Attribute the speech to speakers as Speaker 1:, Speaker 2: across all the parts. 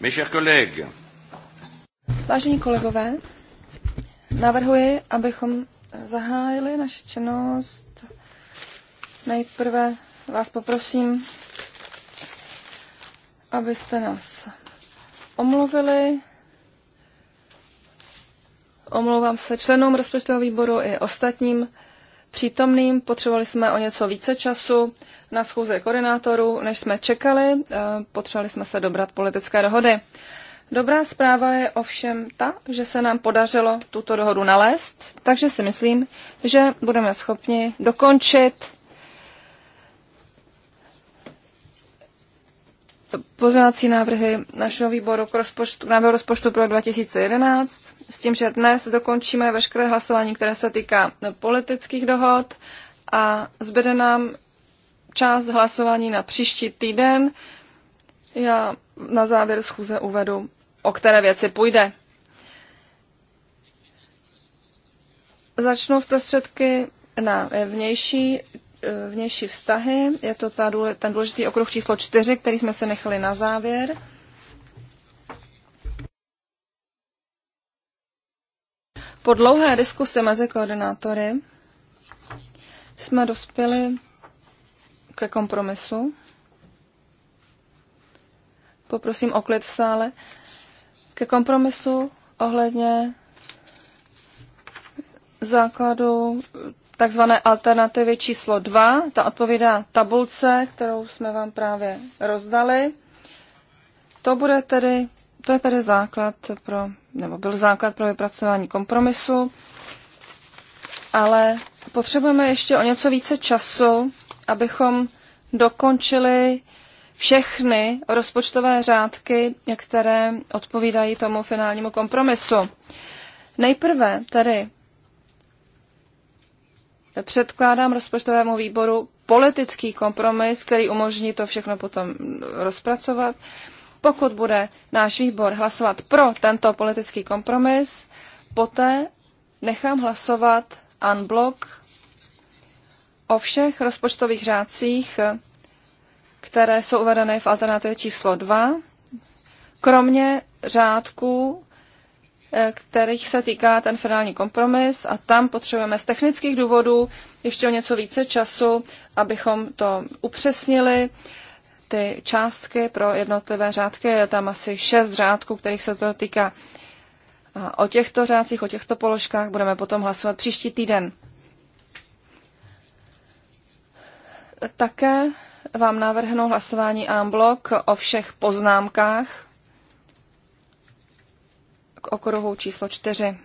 Speaker 1: Mes chers collègues.
Speaker 2: Vážení kolegové, navrhuji, abychom zahájili naši činnost. Nejprve vás poprosím, abyste nás omluvili. Omlouvám se členům rozpočtového výboru i ostatním přítomným. Potřebovali jsme o něco více času na schůze koordinátorů, než jsme čekali. Eh, potřebovali jsme se dobrat politické dohody. Dobrá zpráva je ovšem ta, že se nám podařilo tuto dohodu nalézt, takže si myslím, že budeme schopni dokončit Pozvánací návrhy našeho výboru k rozpočtu, k návrhu rozpočtu pro 2011 s tím, že dnes dokončíme veškeré hlasování, které se týká politických dohod a zbyde nám část hlasování na příští týden. Já na závěr schůze uvedu, o které věci půjde. Začnu v prostředky na vnější Eh, vnější vztahy. Je to ta, ten důležitý okruh číslo čtyři, který jsme se nechali na závěr. Po dlouhé diskusi mezi koordinátory jsme dospěli ke kompromisu. Poprosím o klid v sále. Ke kompromisu ohledně základu takzvané alternativy číslo 2. Ta odpovídá tabulce, kterou jsme vám právě rozdali. To bude tedy, to je tedy základ pro, nebo byl základ pro vypracování kompromisu, ale potřebujeme ještě o něco více času, abychom dokončili všechny rozpočtové řádky, které odpovídají tomu finálnímu kompromisu. Nejprve tedy předkládám rozpočtovému výboru politický kompromis, který umožní to všechno potom rozpracovat. Pokud bude náš výbor hlasovat pro tento politický kompromis, poté nechám hlasovat unblock o všech rozpočtových řádcích, které jsou uvedené v alternativě číslo 2, kromě řádků Eh, kterých se týká ten finální kompromis a tam potřebujeme z technických důvodů ještě o něco více času, abychom to upřesnili. Ty částky pro jednotlivé řádky, je tam asi šest řádků, kterých se to týká. A o těchto řádcích, o těchto položkách budeme potom hlasovat příští týden. Také vám navrhnu hlasování en bloc o všech poznámkách okruhu číslo 4.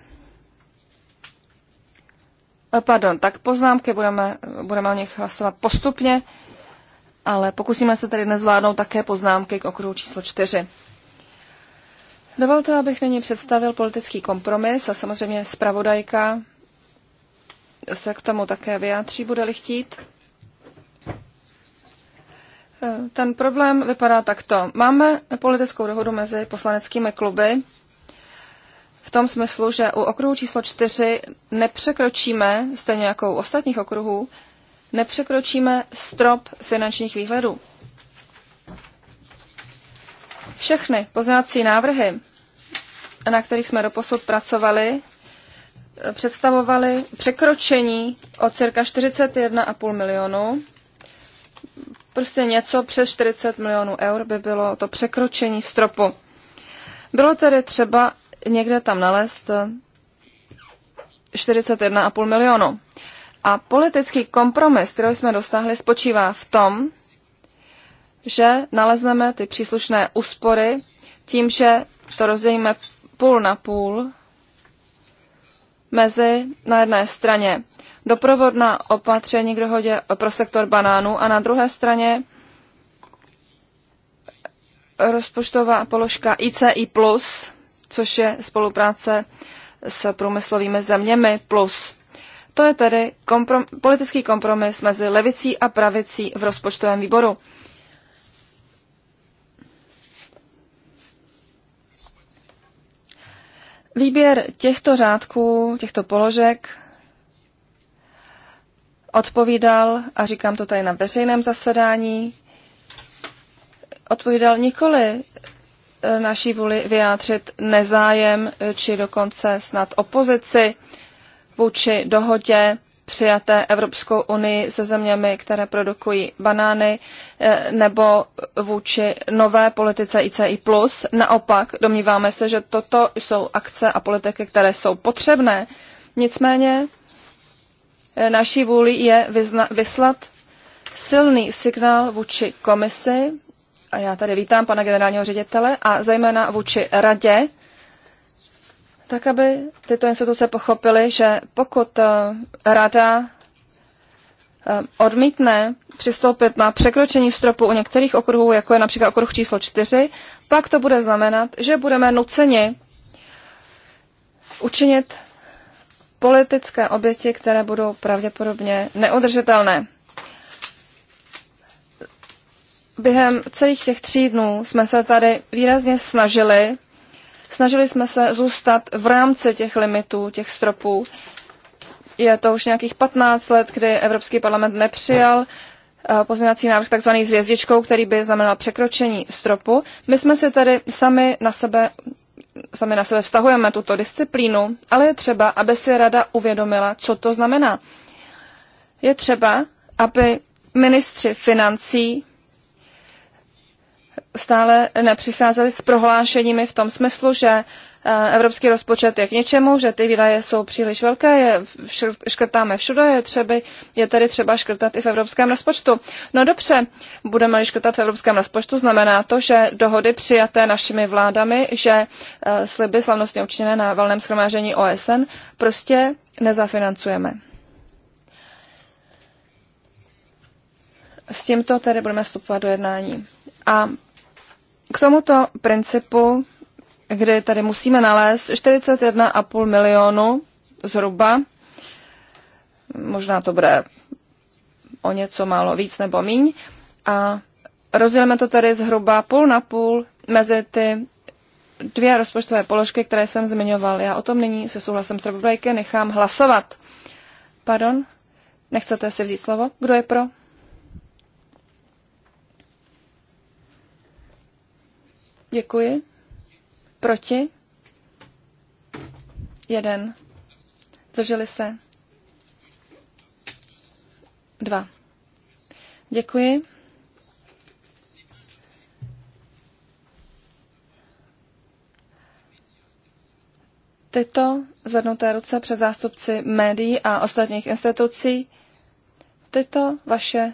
Speaker 2: E, pardon, tak poznámky budeme, budeme o nich hlasovat postupně, ale pokusíme se tady dnes zvládnout také poznámky k okruhu číslo 4. Dovolte, abych nyní představil politický kompromis a samozřejmě zpravodajka se k tomu také vyjádří, bude-li chtít. E, ten problém vypadá takto. Máme politickou dohodu mezi poslaneckými kluby v tom smyslu, že u okruhu číslo 4 nepřekročíme, stejně jako u ostatních okruhů, nepřekročíme strop finančních výhledů. Všechny poznávací návrhy, na kterých jsme doposud pracovali, představovaly překročení o cirka 41,5 milionů. Prostě něco přes 40 milionů eur by bylo to překročení stropu. Bylo tedy třeba někde tam nalézt 41,5 eh, milionu. A politický kompromis, který jsme dosáhli, spočívá v tom, že nalezneme ty příslušné úspory tím, že to rozdělíme půl na půl mezi na jedné straně doprovodná opatření k dohodě pro sektor banánů a na druhé straně rozpočtová položka ICI+, plus, což je spolupráce s průmyslovými zeměmi plus. To je tedy komprom- politický kompromis mezi levicí a pravicí v rozpočtovém výboru. Výběr těchto řádků, těchto položek odpovídal, a říkám to tady na veřejném zasedání, odpovídal nikoli naší vůli vyjádřit nezájem eh, či dokonce snad opozici vůči dohodě přijaté Evropskou unii se zeměmi, které produkují banány, eh, nebo vůči nové politice ICI+. Naopak, domníváme se, že toto jsou akce a politiky, které jsou potřebné. Nicméně eh, naší vůli je vyslat silný signál vůči komisi a já tady vítám pana generálního ředitele a zejména vůči radě, tak aby tyto instituce pochopily, že pokud eh, rada eh, odmítne přistoupit na překročení stropu u některých okruhů, jako je například okruh číslo 4, pak to bude znamenat, že budeme nuceni učinit politické oběti, které budou pravděpodobně neudržitelné. Během celých těch tří dnů jsme se tady výrazně snažili, snažili jsme se zůstat v rámci těch limitů, těch stropů. Je to už nějakých 15 let, kdy Evropský parlament nepřijal eh, pozměňovací návrh tzv. zvězdičkou, který by znamenal překročení stropu. My jsme si tady sami na sebe sami na sebe vztahujeme tuto disciplínu, ale je třeba, aby si rada uvědomila, co to znamená. Je třeba, aby ministři financí stále nepřicházeli s prohlášeními v tom smyslu, že eh, evropský rozpočet je k něčemu, že ty výdaje jsou příliš velké, je škrtáme všude, je, třeba, je tady třeba škrtat i v evropském rozpočtu. No dobře, budeme-li škrtat v evropském rozpočtu, znamená to, že dohody přijaté našimi vládami, že eh, sliby slavnostně učiněné na valném schromážení OSN prostě nezafinancujeme. S tímto tedy budeme vstupovat do jednání. A k tomuto principu, kdy tady musíme nalézt 41,5 milionu zhruba, možná to bude o něco málo víc nebo míň, a rozdělíme to tady zhruba půl na půl mezi ty dvě rozpočtové položky, které jsem zmiňoval. Já o tom nyní se souhlasem s nechám hlasovat. Pardon? Nechcete si vzít slovo? Kdo je pro? Děkuji. Proti? Jeden. Zdrželi se? Dva. Děkuji. Tyto zvednuté ruce před zástupci médií a ostatních institucí, tyto vaše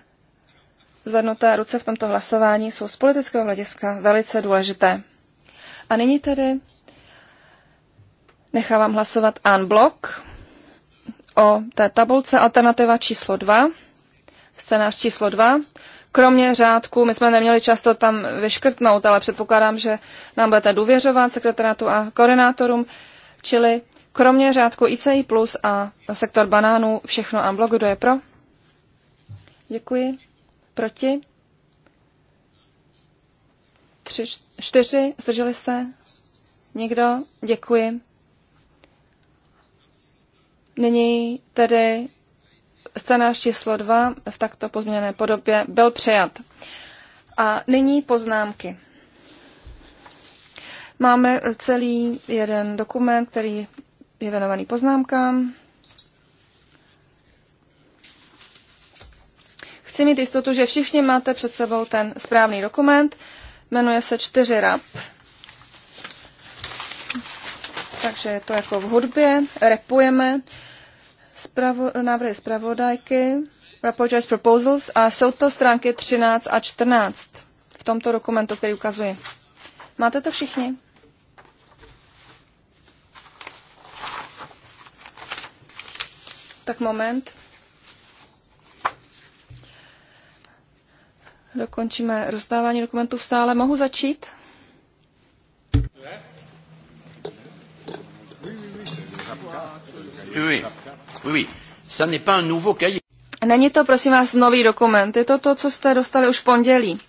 Speaker 2: zvednuté ruce v tomto hlasování jsou z politického hlediska velice důležité. A nyní tedy nechávám hlasovat en blok o té tabulce alternativa číslo 2, scénář číslo 2. Kromě řádku, my jsme neměli často tam vyškrtnout, ale předpokládám, že nám budete důvěřovat sekretariátu a koordinátorům, čili kromě řádku ICI plus a sektor banánů všechno en blok, kdo je pro? Děkuji. Proti? Tři, čtyři. Zdrželi se? Někdo? Děkuji. Nyní tedy scénář číslo dva v takto pozměněné podobě byl přijat. A nyní poznámky. Máme celý jeden dokument, který je věnovaný poznámkám. chci mít jistotu, že všichni máte před sebou ten správný dokument. Jmenuje se 4 rap. Takže je to jako v hudbě, repujeme Spravo, návrhy zpravodajky, Rapporters Proposals a jsou to stránky 13 a 14 v tomto dokumentu, který ukazuji. Máte to všichni? Tak moment. dokončíme rozdávání dokumentů v sále. Mohu začít? Není to, prosím vás, nový dokument. Je to to, co jste dostali už v pondělí.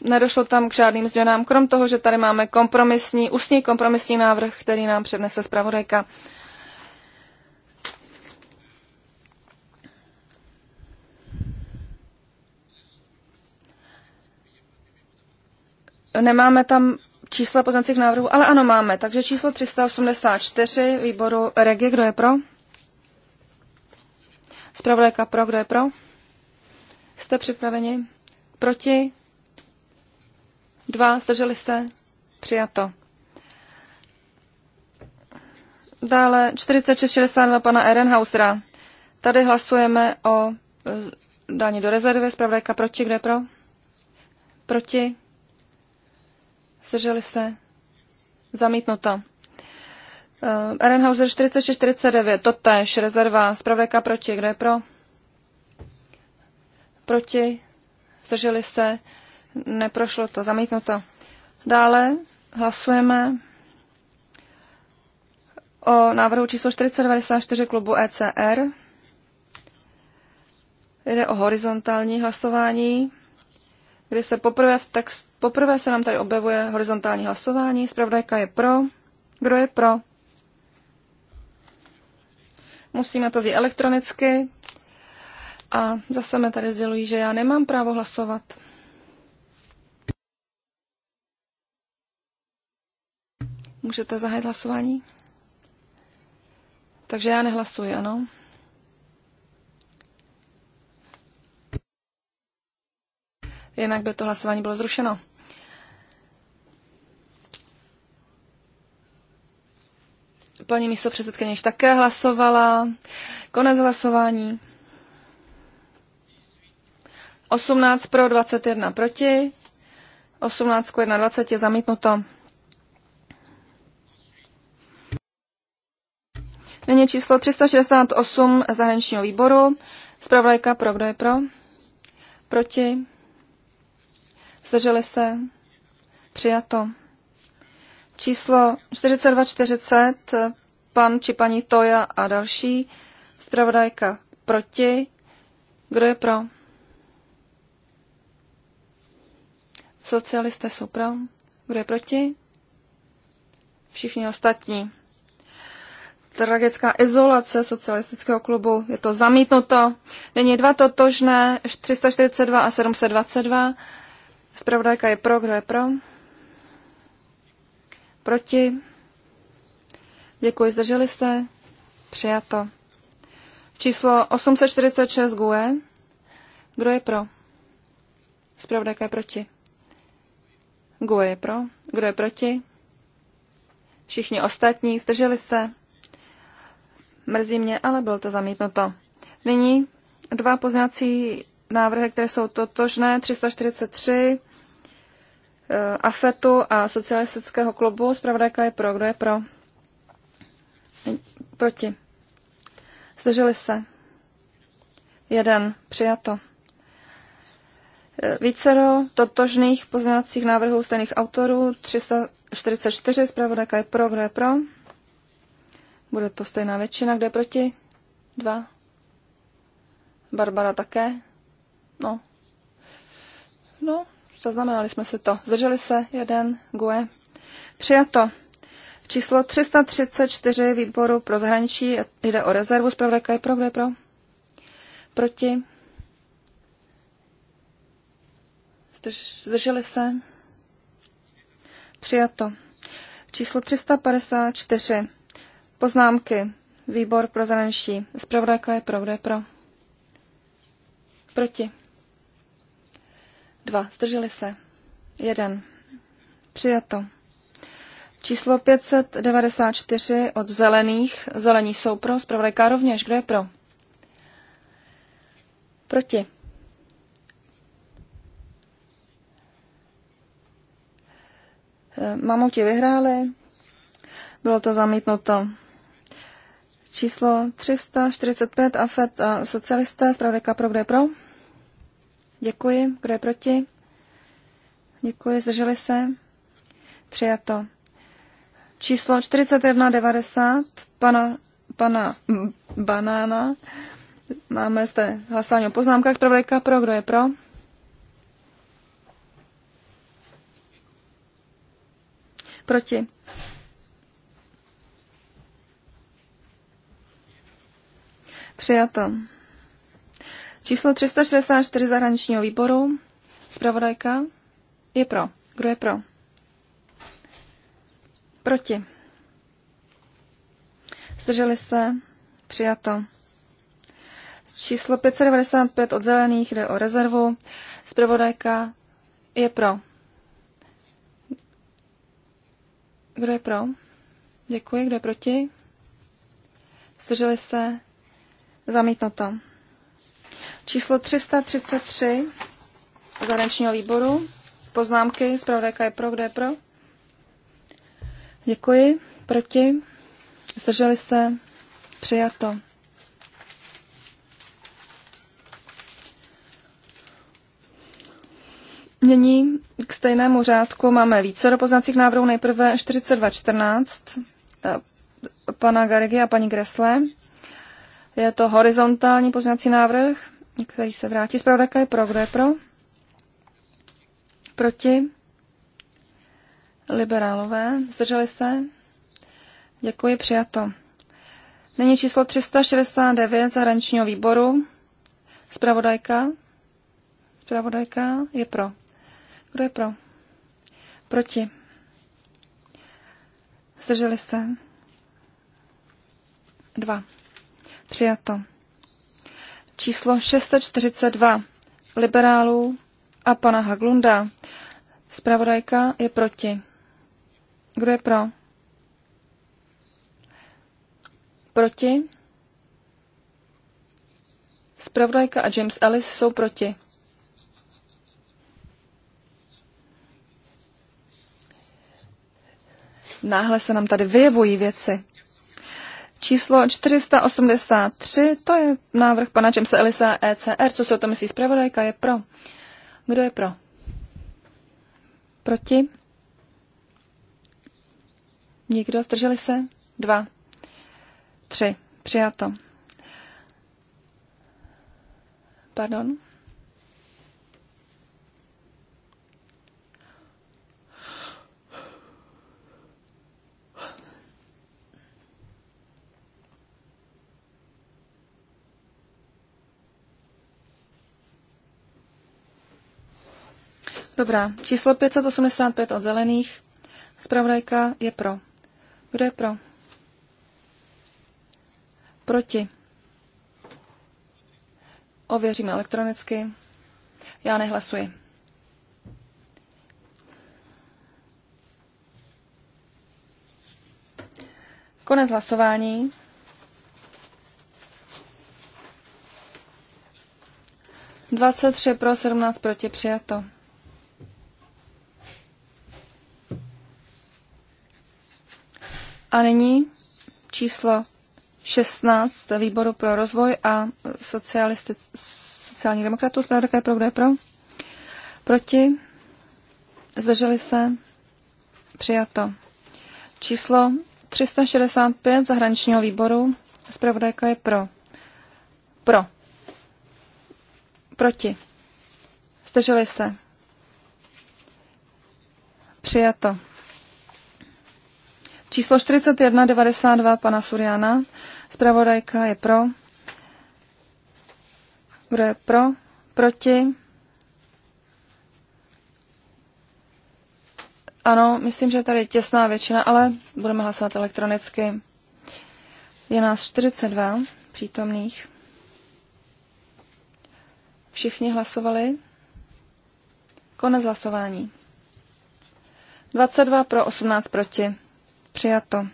Speaker 2: Nedošlo tam k žádným změnám, krom toho, že tady máme kompromisní, ústní kompromisní návrh, který nám přednese zpravodajka. Uh, nemáme tam čísla poznancích návrhů, ale ano, máme. Takže číslo 384 výboru Regie, kdo je pro? Zpravodajka pro, kdo je pro? Jste připraveni? Proti? Dva, zdrželi se? Přijato. Dále 4662 pana Ehrenhausera. Tady hlasujeme o eh, dání do rezervy. Zpravodajka proti, kdo je pro? Proti? Zdrželi se? Zamítnuto. Uh, Ehrenhauser 4649, tež, rezerva, zpravodajka proti, kdo je pro? Proti, zdrželi se, neprošlo to, zamítnuto. Dále hlasujeme o návrhu číslo 494 klubu ECR. Jde o horizontální hlasování kde se poprvé, v text, poprvé se nám tady objevuje horizontální hlasování. Zpravodajka je pro. Kdo je pro? Musíme to zjít elektronicky. A zase mi tady sdělují, že já nemám právo hlasovat. Můžete zahájit hlasování? Takže já nehlasuji, ano. jinak by to hlasování bylo zrušeno. Paní místo předsedkyně již také hlasovala. Konec hlasování. 18 pro, 21 proti. 18 k 21 je zamítnuto. Nyní číslo 368 zahraničního výboru. Zpravodajka pro, kdo je pro? Proti? zdrželi se, přijato. Číslo 4240, pan či paní Toja a další, zpravodajka proti, kdo je pro? Socialisté jsou pro, kdo je proti? Všichni ostatní. Tragická izolace socialistického klubu, je to zamítnuto. Není dva totožné, 342 a 722. Zpravodajka je pro, kdo je pro? Proti? Děkuji, zdrželi se? Přijato. Číslo 846 GUE. Kdo je pro? Zpravodajka je proti. GUE je pro. Kdo je proti? Všichni ostatní zdrželi se. Mrzí mě, ale bylo to zamítnuto. Nyní dva pozměňovací návrhy, které jsou totožné. 343 Eh, AFETu a socialistického klubu. Zpravodajka je pro. Kdo je pro? Proti. Zdrželi se. Jeden. Přijato. Eh, vícero totožných pozměňovacích návrhů stejných autorů. 344. Zpravodajka je pro. Kdo je pro? Bude to stejná většina. Kdo je proti? Dva. Barbara také? No. No, Zaznamenali jsme si to. Zdrželi se jeden GUE. Přijato. Číslo 334 výboru pro zahraničí jde o rezervu. Zpravodajka je pro, kde je pro? Proti. Zdrželi se. Přijato. Číslo 354. Poznámky. Výbor pro zahraničí. Zpravodajka je pro, kde je pro? Proti. Dva Zdrželi se. Jeden. Přijato. Číslo 594 od zelených. Zelení jsou pro. Zpravodajka rovněž. Kdo je pro? Proti. Eh, mamouti vyhráli. Bylo to zamítnuto. Číslo 345 AFET a socialisté. Zpravodajka pro. Kdo je pro? Děkuji. Kdo je proti? Děkuji. Zdrželi se? Přijato. Číslo 4190 pana, pana Banána. Máme zde hlasování o poznámkách. Pravodajka pro. Kdo je pro? Proti. Přijato. Číslo 364 zahraničního výboru. Zpravodajka je pro. Kdo je pro? Proti. Zdrželi se. Přijato. Číslo 595 od zelených jde o rezervu. Zpravodajka je pro. Kdo je pro? Děkuji. Kdo je proti? Zdrželi se? Zamítnuto. to. Číslo 333 zahraničního výboru. Poznámky, zpravodajka je pro, kdo je pro? Děkuji. Proti? Zdrželi se? Přijato. Nyní k stejnému řádku máme více do poznacích návrhů. Nejprve 4214 eh, pana Garegy a paní Gresle. Je to horizontální poznací návrh který se vrátí. Zpravodajka je pro. Kdo je pro? Proti? Liberálové. Zdrželi se? Děkuji, přijato. Není číslo 369 zahraničního výboru. Zpravodajka. Zpravodajka je pro. Kdo je pro? Proti. Zdrželi se. Dva. Přijato číslo 642 liberálů a pana Haglunda. Spravodajka je proti. Kdo je pro? Proti? Spravodajka a James Ellis jsou proti. Náhle se nám tady vyjevují věci. Číslo 483, to je návrh pana Čemse Elisa ECR. Co si o tom myslí zpravodajka? Je pro. Kdo je pro? Proti? Nikdo? Zdrželi se? Dva. Tři. Přijato. Pardon. Dobrá, číslo 585 od zelených. Spravodajka je pro. Kdo je pro? Proti. Ověříme elektronicky. Já nehlasuji. Konec hlasování. Dvacet tři pro, sedmnáct proti, přijato. A nyní číslo 16 výboru pro rozvoj a sociální demokratů. Zpravodajka je pro, kdo je pro? Proti? Zdrželi se? Přijato. Číslo 365 zahraničního výboru. Zpravodajka je pro. Pro. Proti. Zdrželi se. Přijato. Číslo 4192 pana Suriana. Zpravodajka je pro. Kdo je pro? Proti? Ano, myslím, že tady je těsná většina, ale budeme hlasovat elektronicky. Je nás 42 přítomných. Všichni hlasovali. Konec hlasování. 22 pro 18 proti. Přijato.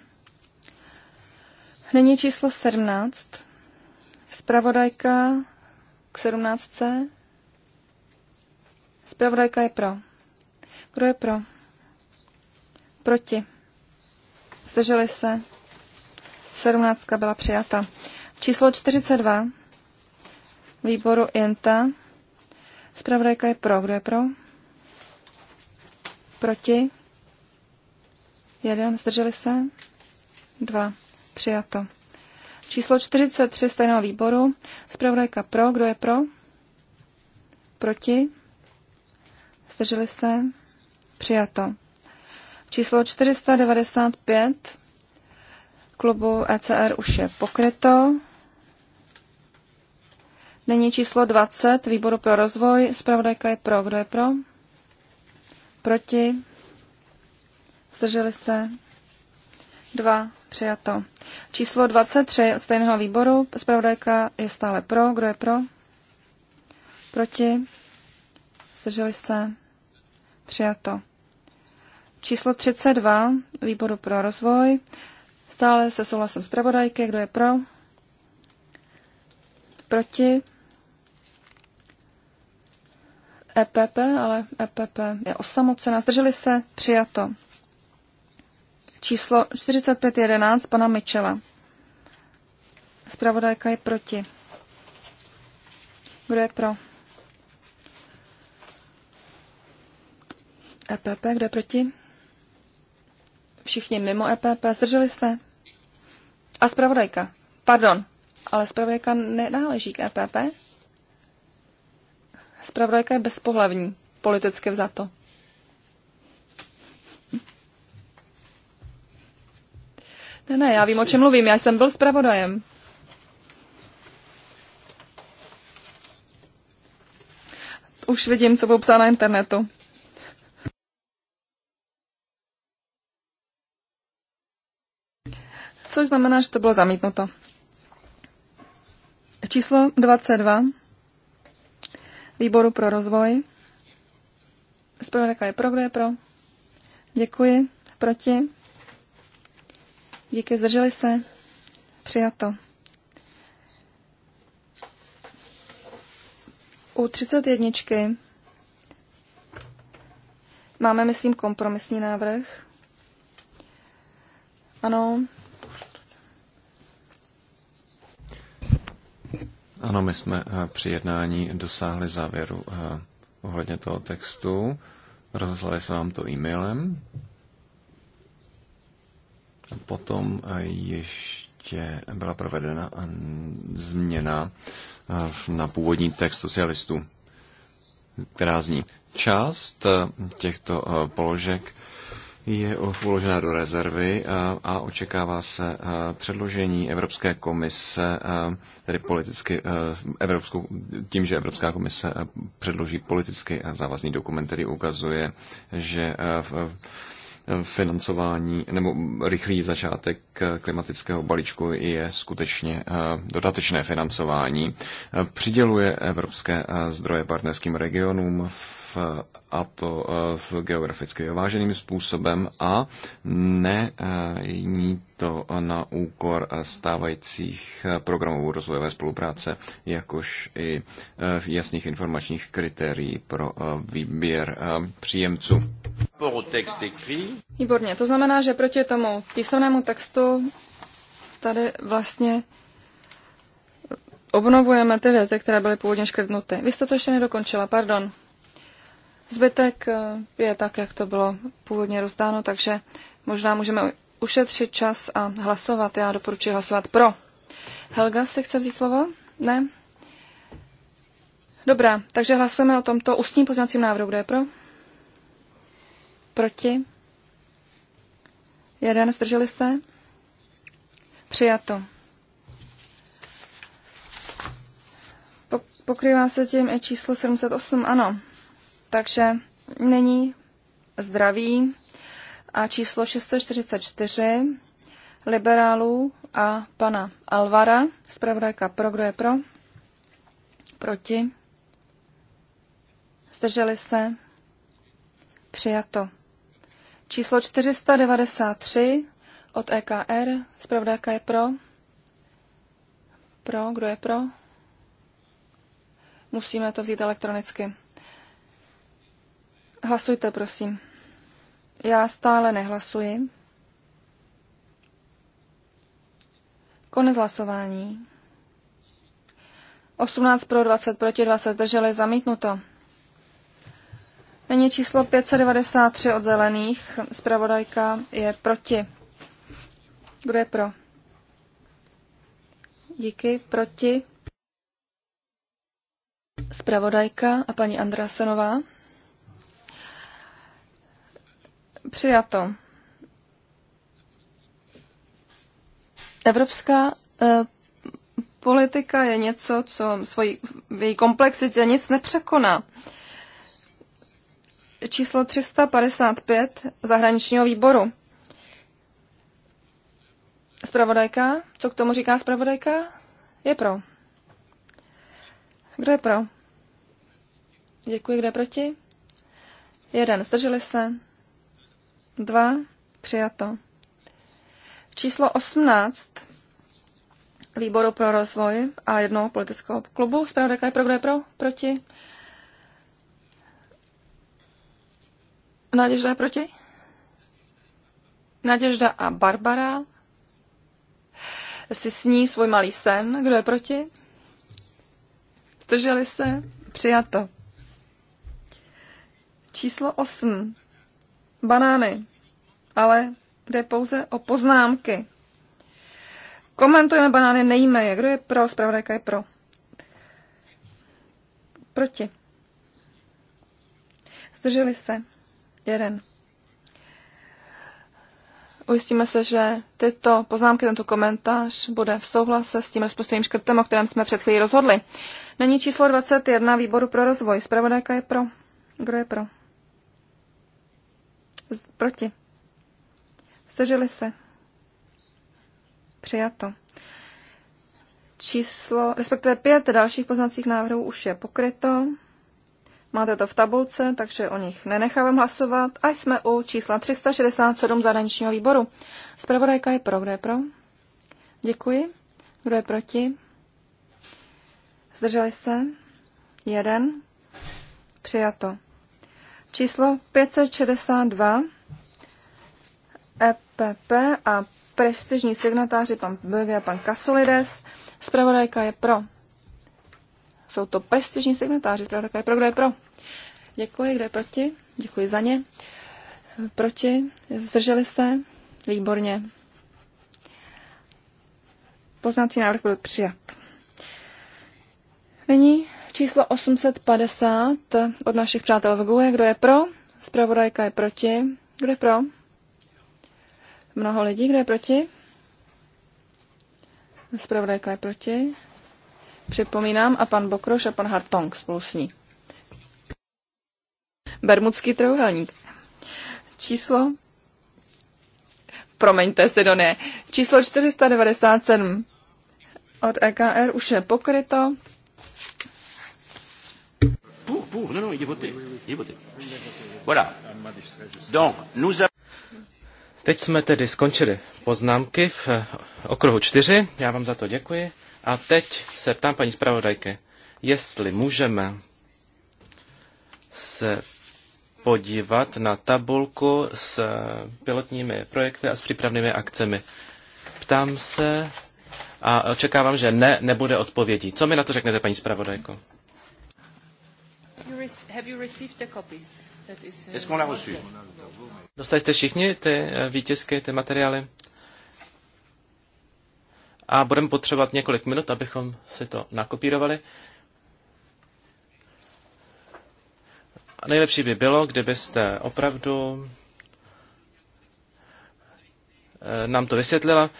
Speaker 2: Nyní číslo 17. Spravodajka k 17. Spravodajka je pro. Kdo je pro? Proti. Zdrželi se. 17. byla přijata. Číslo 42. Výboru INTA. Spravodajka je pro. Kdo je pro? Proti. Jeden, zdrželi se? Dva, přijato. Číslo 43 stejného výboru. Zpravodajka pro. Kdo je pro? Proti? Zdrželi se? Přijato. Číslo 495 klubu ECR už je pokryto. Není číslo 20 výboru pro rozvoj. Zpravodajka je pro. Kdo je pro? Proti? zdrželi se, dva přijato. Číslo 23 od stejného výboru, zpravodajka je stále pro, kdo je pro, proti, zdrželi se, přijato. Číslo 32 výboru pro rozvoj, stále se souhlasem zpravodajky, kdo je pro, proti, EPP, ale EPP je osamocená. Zdrželi se, přijato číslo 4511 pana Michela. Zpravodajka je proti. Kdo je pro? EPP, kdo je proti? Všichni mimo EPP, zdrželi se? A zpravodajka, pardon, ale zpravodajka nenáleží k EPP? Zpravodajka je bezpohlavní, politicky vzato. Ne, ne, já vím, o čem mluvím. Já jsem byl zpravodajem. Už vidím, co bylo psáno na internetu. Což znamená, že to bylo zamítnuto. Číslo 22. Výboru pro rozvoj. Zpravodajka je pro, kdo je pro? Děkuji. Proti? Díky, zdrželi se. Přijato. U 31 máme, myslím, kompromisní návrh. Ano.
Speaker 1: Ano, my jsme eh, při jednání dosáhli závěru eh, ohledně toho textu. Rozeslali jsme vám to e-mailem. Potom eh, ještě byla provedena eh, změna eh, na původní text socialistů, která zní. Část těchto položek je uložena do rezervy a očekává se předložení Evropské komise, tedy politicky, Evropskou, tím, že Evropská komise předloží politicky závazný dokument, který ukazuje, že v financování nebo rychlý začátek eh, klimatického balíčku je skutečně eh, dodatečné financování. Eh, přiděluje evropské zdroje partnerským regionům v, a to v geograficky vyváženým způsobem a není to na úkor stávajících programů rozvojové spolupráce, jakož i jasných informačních kritérií pro výběr příjemců
Speaker 2: rapport au texte écrit. Výborně, to znamená, že proti tomu písanému textu tady vlastně obnovujeme ty věty, které byly původně škrtnuty. Vy jste to ještě nedokončila, pardon. Zbytek eh, je tak, jak to bylo původně rozdáno, takže možná můžeme ušetřit čas a hlasovat. Já doporučuji hlasovat pro. Helga si chce vzít slovo? Ne? Dobrá, takže hlasujeme o tomto ústním poznacím návrhu. Kdo je pro? Proti? Jeden. Zdrželi se? Přijato. Pokrývá se tím i číslo 78, ano. Takže není zdraví a číslo 644 liberálů a pana Alvara, zpravodajka pro, kdo je pro, proti, zdrželi se, přijato. Číslo 493 od EKR. Zpravodajka je pro. Pro, kdo je pro? Musíme to vzít elektronicky. Hlasujte, prosím. Já stále nehlasuji. Konec hlasování. 18 pro 20 proti 20 drželi zamítnuto. Nyní číslo 593 od zelených. Zpravodajka je proti. Kdo je pro? Díky. Proti. Zpravodajka a paní Andrasenová. Přijato. Evropská eh, politika je něco, co v její komplexitě nic nepřekoná. Eh, číslo 355 zahraničního výboru. Spravodajka, co k tomu říká spravodajka? Je pro. Kdo je pro? Děkuji, kdo je proti? Jeden, zdrželi se. Dva, přijato. Číslo 18 výboru pro rozvoj a jednoho politického klubu. Spravodajka, je pro, kdo je pro? Proti? je proti? Nadežda a Barbara si sní svůj malý sen. Kdo je proti? Zdrželi se? Přijato. Číslo 8. Banány. Ale jde pouze o poznámky. Komentujeme banány, nejíme je. Kdo je pro? Spravodajka je pro. Proti. Zdrželi se. Jeden. Ujistíme se, že tyto poznámky, tento komentář bude v souhlase s tím rozpočtovým škrtem, o kterém jsme před chvílí rozhodli. Není číslo 21 výboru pro rozvoj. Zpravodajka je pro. Kdo je pro? Z- proti. Zdrželi se. Přijato. Číslo, respektive pět dalších poznacích návrhů už je pokryto. Máte to v tabulce, takže o nich nenechávám hlasovat. A jsme u čísla 367 zahraničního výboru. Zpravodajka je pro. Kdo je pro? Děkuji. Kdo je proti? Zdrželi se? Jeden. Přijato. Číslo 562 EPP a prestižní signatáři pan Böge a pan Kasulides. Zpravodajka je pro. Jsou to prestižní signatáři, zpravodajka je pro, kdo je pro. Děkuji, kdo je proti. Děkuji za ně. Proti, zdrželi se, výborně. Poznací návrh byl přijat. Nyní číslo 850 od našich přátel v GUE. Kdo je pro? Zpravodajka je proti. Kdo je pro? Mnoho lidí. Kdo je proti? Zpravodajka je proti připomínám, a pan Bokroš a pan Hartong spolu s ní. Bermudský trojuhelník. Číslo promiňte se do ne. Číslo 497 od EKR už je pokryto.
Speaker 3: Pour, pour, no, no, il est voté. Il est voté. Donc, nous a... Teď jsme tedy skončili poznámky v okruhu 4. Já vám za to děkuji. A teď se ptám paní zpravodajky, jestli můžeme se podívat na tabulku s pilotními projekty a s přípravnými akcemi. Ptám se a očekávám, že ne, nebude odpovědí. Co mi na to řeknete, paní zpravodajko? Uh, Dostali jste všichni ty eh, výtisky, ty materiály? a budeme potřebovat několik minut, abychom si to nakopírovali. A nejlepší by bylo, kdybyste opravdu eh, nám to vysvětlila.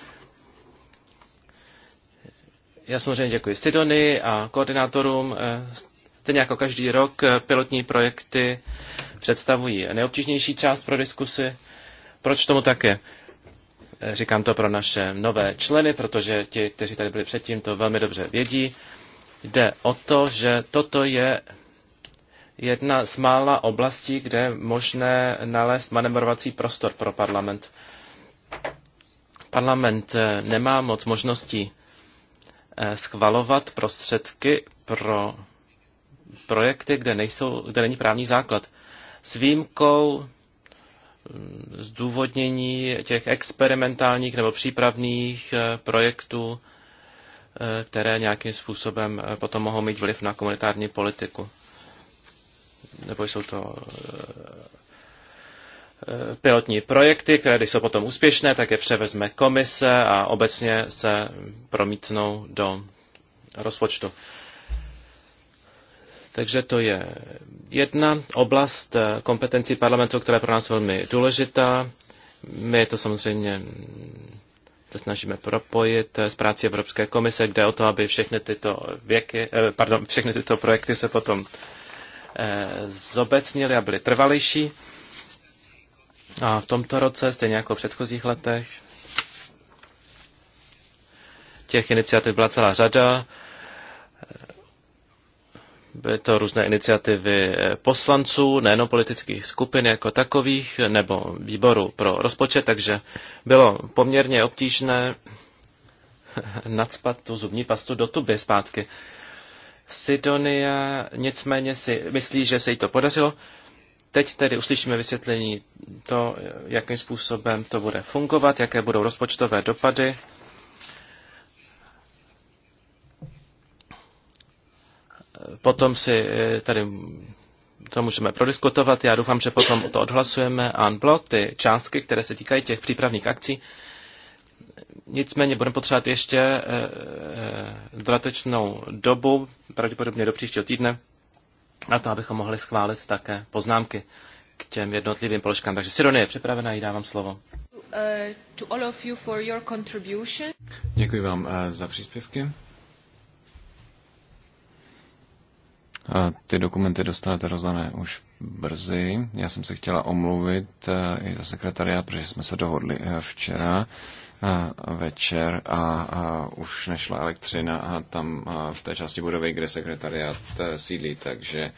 Speaker 3: Já samozřejmě děkuji Sidony a koordinátorům. Eh, Ten jako každý rok eh, pilotní projekty představují nejobtížnější část pro diskusy. Proč tomu tak je? Říkám to pro naše nové členy, protože ti, kteří tady byli předtím, to velmi dobře vědí. Jde o to, že toto je jedna z mála oblastí, kde je možné nalézt manevrovací prostor pro parlament. Parlament eh, nemá moc možností eh, schvalovat prostředky pro projekty, kde, nejsou, kde není právní základ. S výjimkou zdůvodnění těch experimentálních nebo přípravných eh, projektů, eh, které nějakým způsobem eh, potom mohou mít vliv na komunitární politiku. Nebo jsou to pilotní projekty, které když jsou potom úspěšné, tak je převezme komise a obecně se promítnou do rozpočtu. Takže to je jedna oblast eh, kompetencí parlamentu, která je pro nás velmi důležitá. My to samozřejmě se snažíme propojit eh, s práci Evropské komise, kde o to, aby všechny tyto, věky, eh, pardon, všechny tyto projekty se potom zobecnily a byly trvalejší. A v tomto roce, stejně jako v předchozích letech, těch iniciativ byla celá řada. Byly to různé iniciativy eh, poslanců, nejenom politických skupin jako takových, nebo výboru pro rozpočet, takže bylo poměrně obtížné nadspat tu zubní pastu do tuby zpátky. Sidonia nicméně si myslí, že se jí to podařilo. Teď tedy uslyšíme vysvětlení to, jakým způsobem to bude fungovat, jaké budou rozpočtové dopady potom si eh, tady to můžeme prodiskutovat. Já doufám, že potom to odhlasujeme unblock, ty částky, které se týkají těch přípravných akcí. Nicméně budeme potřebovat ještě eh, eh, dodatečnou dobu, pravděpodobně do příštího týdne, na to, abychom mohli schválit také poznámky k těm jednotlivým položkám. Takže Sidonie je připravena, jí dávám slovo.
Speaker 1: Děkuji vám za příspěvky. Ty dokumenty dostanete rozdané už brzy. Já jsem se chtěla omluvit eh, i za sekretariát, protože jsme se dohodli eh, včera eh, večer a, už nešla elektřina a tam v té části budovy, kde sekretariat sídlí, takže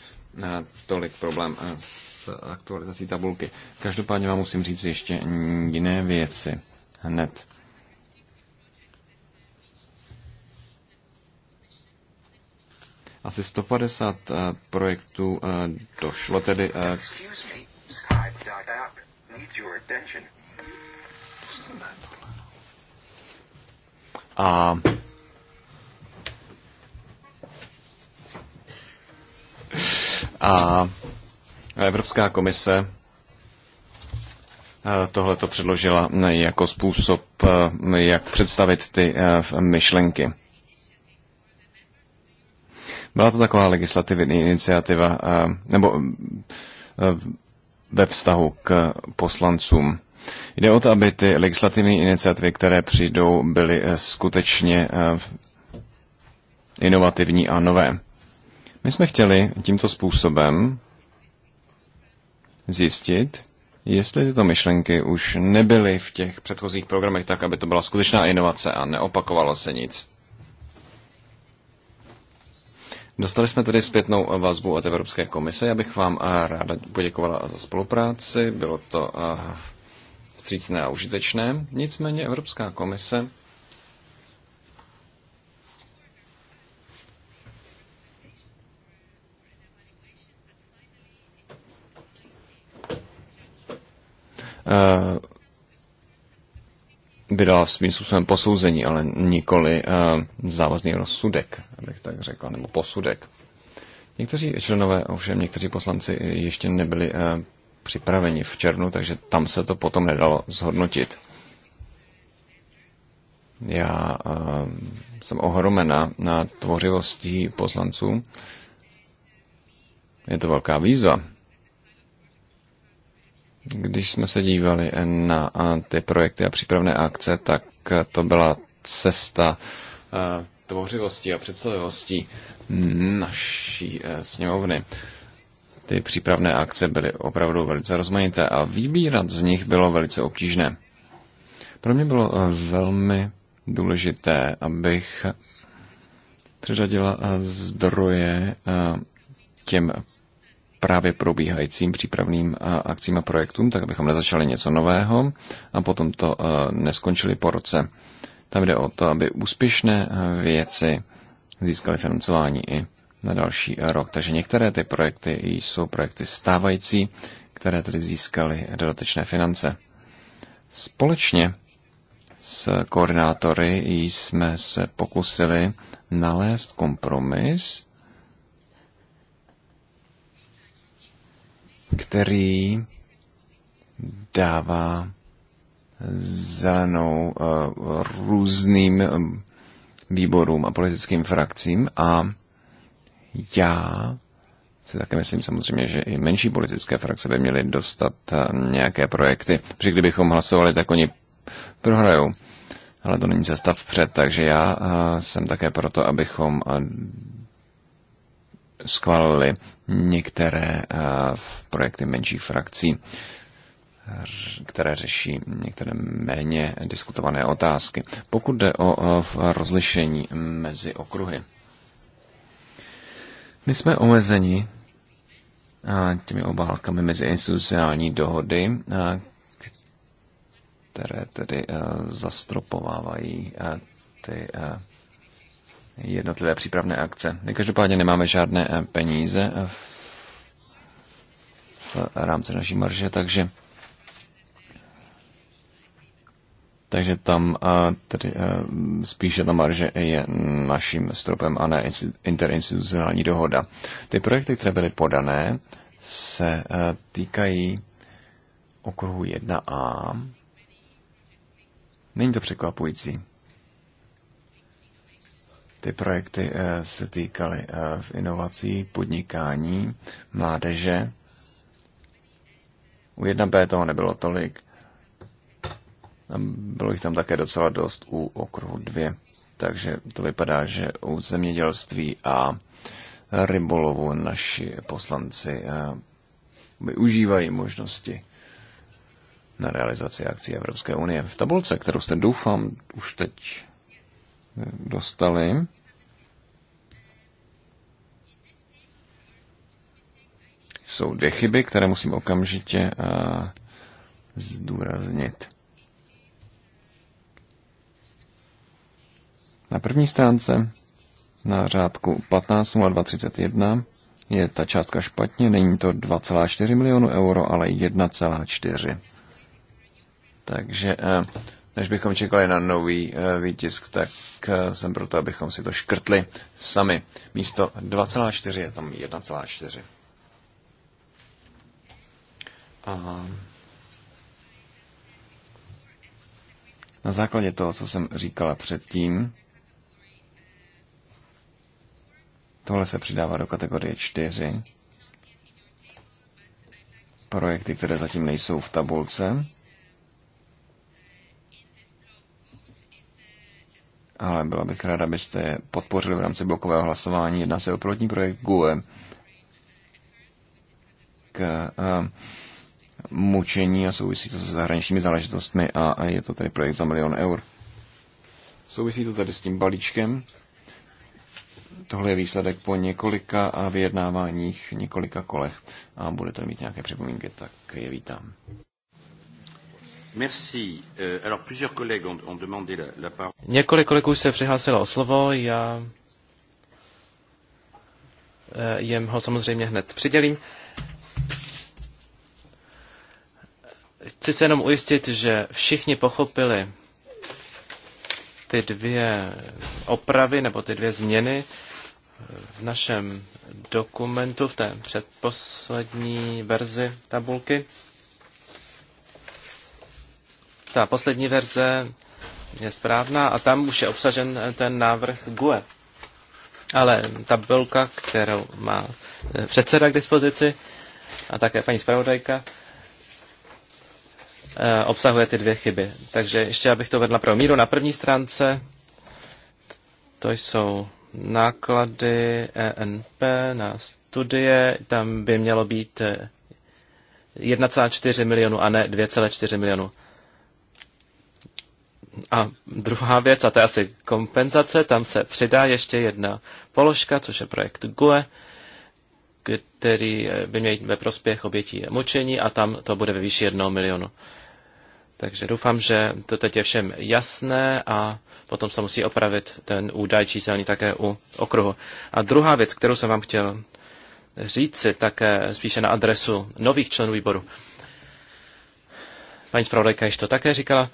Speaker 1: tolik problém s aktualizací tabulky. Každopádně vám musím říct ještě jiné věci hned. Asi 150 eh, projektů eh, došlo tedy eh, a a Evropská komise tohle to předložila jako způsob, jak představit ty myšlenky. Byla to taková legislativní iniciativa, eh, nebo eh, eh, ve vztahu k poslancům. Jde o to, aby ty legislativní iniciativy, které přijdou, byly skutečně inovativní a nové. My jsme chtěli tímto způsobem zjistit, jestli tyto myšlenky už nebyly v těch předchozích programech tak, aby to byla skutečná inovace a neopakovalo se nic. Dostali jsme tedy zpětnou vazbu od Evropské komise. Já bych vám eh, ráda poděkovala za spolupráci. Bylo to eh, vstřícné a užitečné. Nicméně Evropská komise dala svým způsobem posouzení, ale nikoli uh, závazný rozsudek, abych tak řekla, nebo posudek. Někteří členové, ovšem někteří poslanci ještě nebyli uh, připraveni v červnu, takže tam se to potom nedalo zhodnotit. Já uh, jsem ohromena na tvořivosti poslanců. Je to velká výzva. Když jsme se dívali na ty projekty a přípravné akce, tak to byla cesta tvořivosti a představivosti naší e, sněmovny. Ty přípravné akce byly opravdu velice rozmanité a vybírat z nich bylo velice obtížné. Pro mě bylo e, velmi důležité, abych přiřadila e, zdroje těm právě probíhajícím přípravným akcím a projektům, tak abychom nezačali něco nového a potom to neskončili po roce. Tam jde o to, aby úspěšné věci získaly financování i na další rok. Takže některé ty projekty jsou projekty stávající, které tedy získaly dodatečné finance. Společně s koordinátory jsme se pokusili nalézt kompromis, který dává zelenou eh, různým eh, výborům a politickým frakcím a já si také myslím samozřejmě, že i menší politické frakce by měly dostat eh, nějaké projekty, protože kdybychom hlasovali, tak oni prohrajou. Ale to není cesta vpřed, takže já jsem také proto, abychom schválili některé eh, projekty menších frakcí, které řeší některé méně diskutované otázky. Pokud jde o eh, rozlišení mezi okruhy, my jsme omezeni eh, těmi obálkami mezi institucionální dohody, které tedy zastropovávají ty jednotlivé přípravné akce. My každopádně nemáme žádné eh, peníze eh, v rámci naší marže, takže takže tam eh, tedy spíše ta marže je naším stropem a ne interinstitucionální dohoda. Ty projekty, které byly podané, se týkají okruhu 1a. Není to překvapující. Ty projekty eh, se týkaly eh, v inovací, podnikání, mládeže. U 1B toho nebylo tolik. Bylo jich tam také docela dost u okruhu 2. Takže to vypadá, že u zemědělství a rybolovu naši poslanci eh, využívají možnosti na realizaci akcí Evropské unie. V tabulce, kterou jste doufám už teď dostali. Jsou dvě chyby, které musím okamžitě eh, zdůraznit. Na první stránce na řádku 15.0231 je ta částka špatně, není to 2,4 milionu euro, ale 1,4. Takže eh, než bychom čekali na nový eh, výtisk, tak eh, jsem proto, abychom si to škrtli sami. Místo 2,4 je tam 1,4. A na základě toho, co jsem říkala předtím, tohle se přidává do kategorie 4. Projekty, které zatím nejsou v tabulce. ale byla bych ráda, abyste je podpořili v rámci blokového hlasování. Jedná se o pilotní projekt GUE k eh, mučení a souvisí to se zahraničními záležitostmi a je to tedy projekt za milion eur. Souvisí to tady s tím balíčkem. Tohle je výsledek po několika eh, vyjednáváních, několika kolech a budete mít nějaké připomínky, tak je vítám.
Speaker 2: Merci. Euh,
Speaker 3: alors, plusieurs collègues ont, ont demandé la, la parole. Několik kolegů se přihlásilo o slovo, já eh, jim ho samozřejmě hned přidělím. Chci se jenom ujistit, že všichni pochopili ty dvě opravy nebo ty dvě změny v našem dokumentu, v té předposlední verzi tabulky. Ta poslední verze je správná a tam už je obsažen ten návrh GUE. Ale tabulka, kterou má eh, předseda k dispozici a také paní zpravodajka, eh, obsahuje ty dvě chyby. Takže ještě abych to vedla pro míru. Na první stránce to jsou náklady ENP na studie. Tam by mělo být 1,4 eh, milionu a ne 2,4 milionu. A druhá věc, a to je asi kompenzace, tam se přidá ještě jedna položka, což je projekt GUE, který eh, by měl ve prospěch obětí mučení a tam to bude ve výši jednoho milionu. Takže doufám, že to teď je všem jasné a potom se musí opravit ten údaj číselný také u okruhu. A druhá věc, kterou jsem vám chtěl říci, také eh, spíše na adresu nových členů výboru. Paní zpravodajka již to také říkala,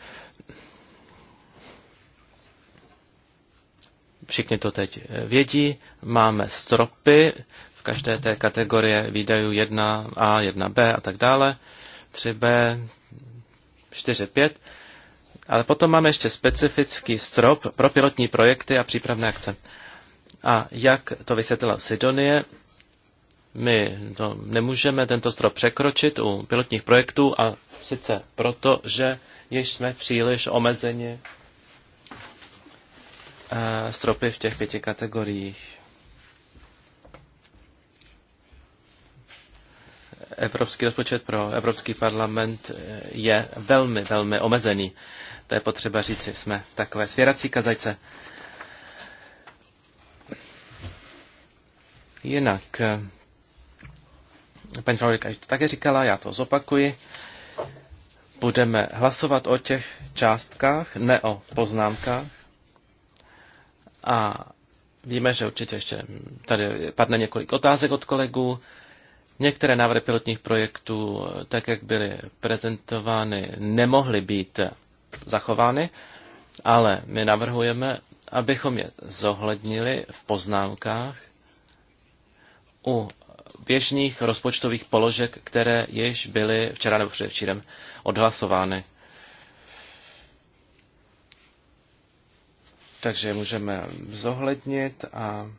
Speaker 3: Všichni to teď eh, vědí. Máme stropy v každé té kategorie výdajů 1A, 1B a tak dále, 3B, 4, 5. Ale potom máme ještě specifický strop pro pilotní projekty a přípravné akce. A jak to vysvětlila Sidonie, my to nemůžeme tento strop překročit u pilotních projektů a sice proto, že již jsme příliš omezeni Eh, stropy v těch pěti kategoriích. Evropský rozpočet pro Evropský parlament eh, je velmi, velmi omezený. To je potřeba říci. Jsme v takové svěrací kazajce. Jinak, eh, paní Fraulika to také říkala, já to zopakuji. Budeme hlasovat o těch částkách, ne o poznámkách. A víme, že určitě ještě tady padne několik otázek od kolegů. Některé návrhy pilotních projektů, tak jak byly prezentovány, nemohly být zachovány, ale my navrhujeme, abychom je zohlednili v poznámkách u běžných rozpočtových položek, které již byly včera nebo předevčírem odhlasovány. Takže můžeme zohlednit a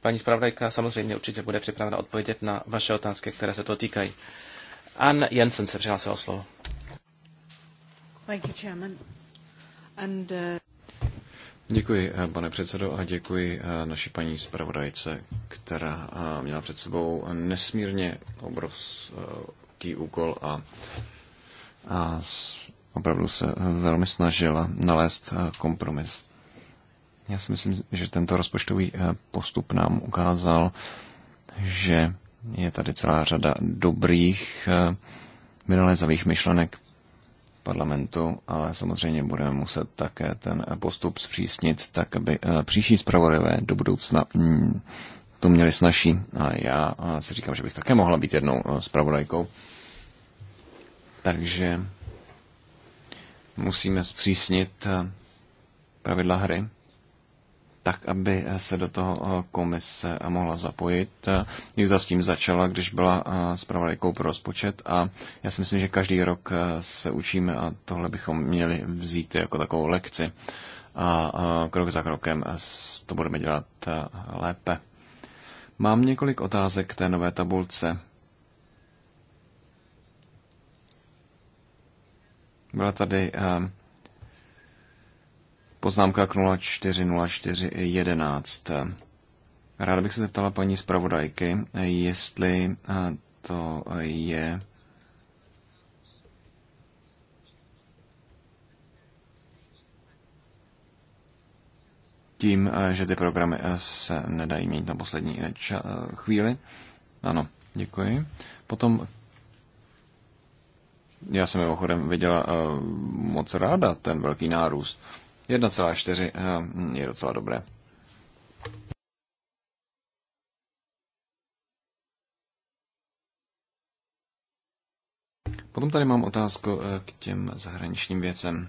Speaker 3: paní zpravodajka samozřejmě určitě bude připravena odpovědět na vaše otázky, které se to týkají. Ann Jensen se přihlásila o slovo. Thank you, Chairman. And, uh...
Speaker 1: Děkuji, eh, pane předsedo, a děkuji eh, naší paní zpravodajce, která eh, měla před sebou nesmírně obrovský úkol a, a opravdu se velmi snažila nalézt eh, kompromis. Já si myslím, že tento rozpočtový eh, postup nám ukázal, že je tady celá řada dobrých eh, vynalézavých myšlenek parlamentu, ale samozřejmě budeme muset také ten postup zpřísnit, tak aby příští zpravodajové do budoucna mm, to měli snažší. A já si říkám, že bych také mohla být jednou zpravodajkou. Takže Musíme zpřísnit eh, pravidla hry, tak, aby eh, se do toho eh, komise mohla zapojit. Juta s tím začala, když byla zpravodajkou pro rozpočet a já si myslím, že každý rok se učíme a tohle bychom měli vzít jako takovou lekci. A krok za krokem to budeme dělat lépe. Mám několik otázek k té nové tabulce. Byla tady ehm, poznámka k 040411. Ehm, ráda bych se zeptala paní zpravodajky, jestli eh, to je tím, eh, že ty programy eh, se nedají měnit na poslední chvíli. Ano, děkuji. Potom já jsem mimochodem viděla eh, moc ráda ten velký nárůst. 1,4 eh, je docela dobré. Potom tady mám otázku eh, k těm zahraničním věcem.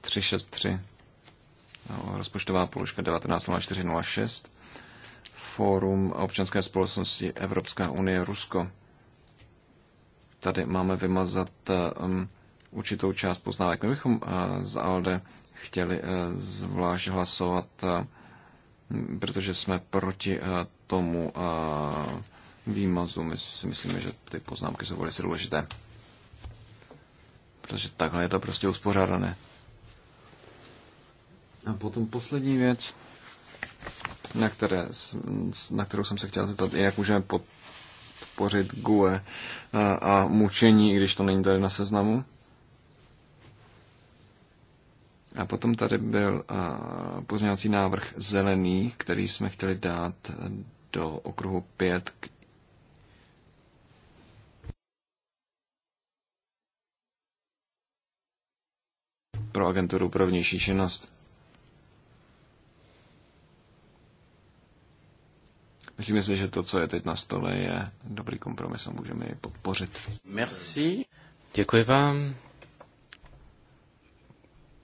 Speaker 1: 363. No, rozpočtová položka 190406. Fórum občanské společnosti Evropská unie Rusko tady máme vymazat eh, mm, určitou část poznávek. My bychom eh, z ALDE chtěli eh, zvlášť hlasovat, mm, protože jsme proti tomu výmazu. My si myslíme, že ty poznámky jsou velice důležité. Protože takhle je to prostě uspořádané. A potom poslední věc, na, které, na kterou jsem se chtěl zeptat, je, jak můžeme pod, podpořit GUE eh, a mučení, i když to není tady na seznamu. A potom tady byl eh, pozměňovací návrh zelený, který jsme chtěli dát eh, do okruhu 5 k pro agenturu pro vnější činnost. Myslím si, že to, co je teď na stole, je dobrý kompromis a můžeme ji podpořit.
Speaker 3: Merci.
Speaker 1: Děkuji vám.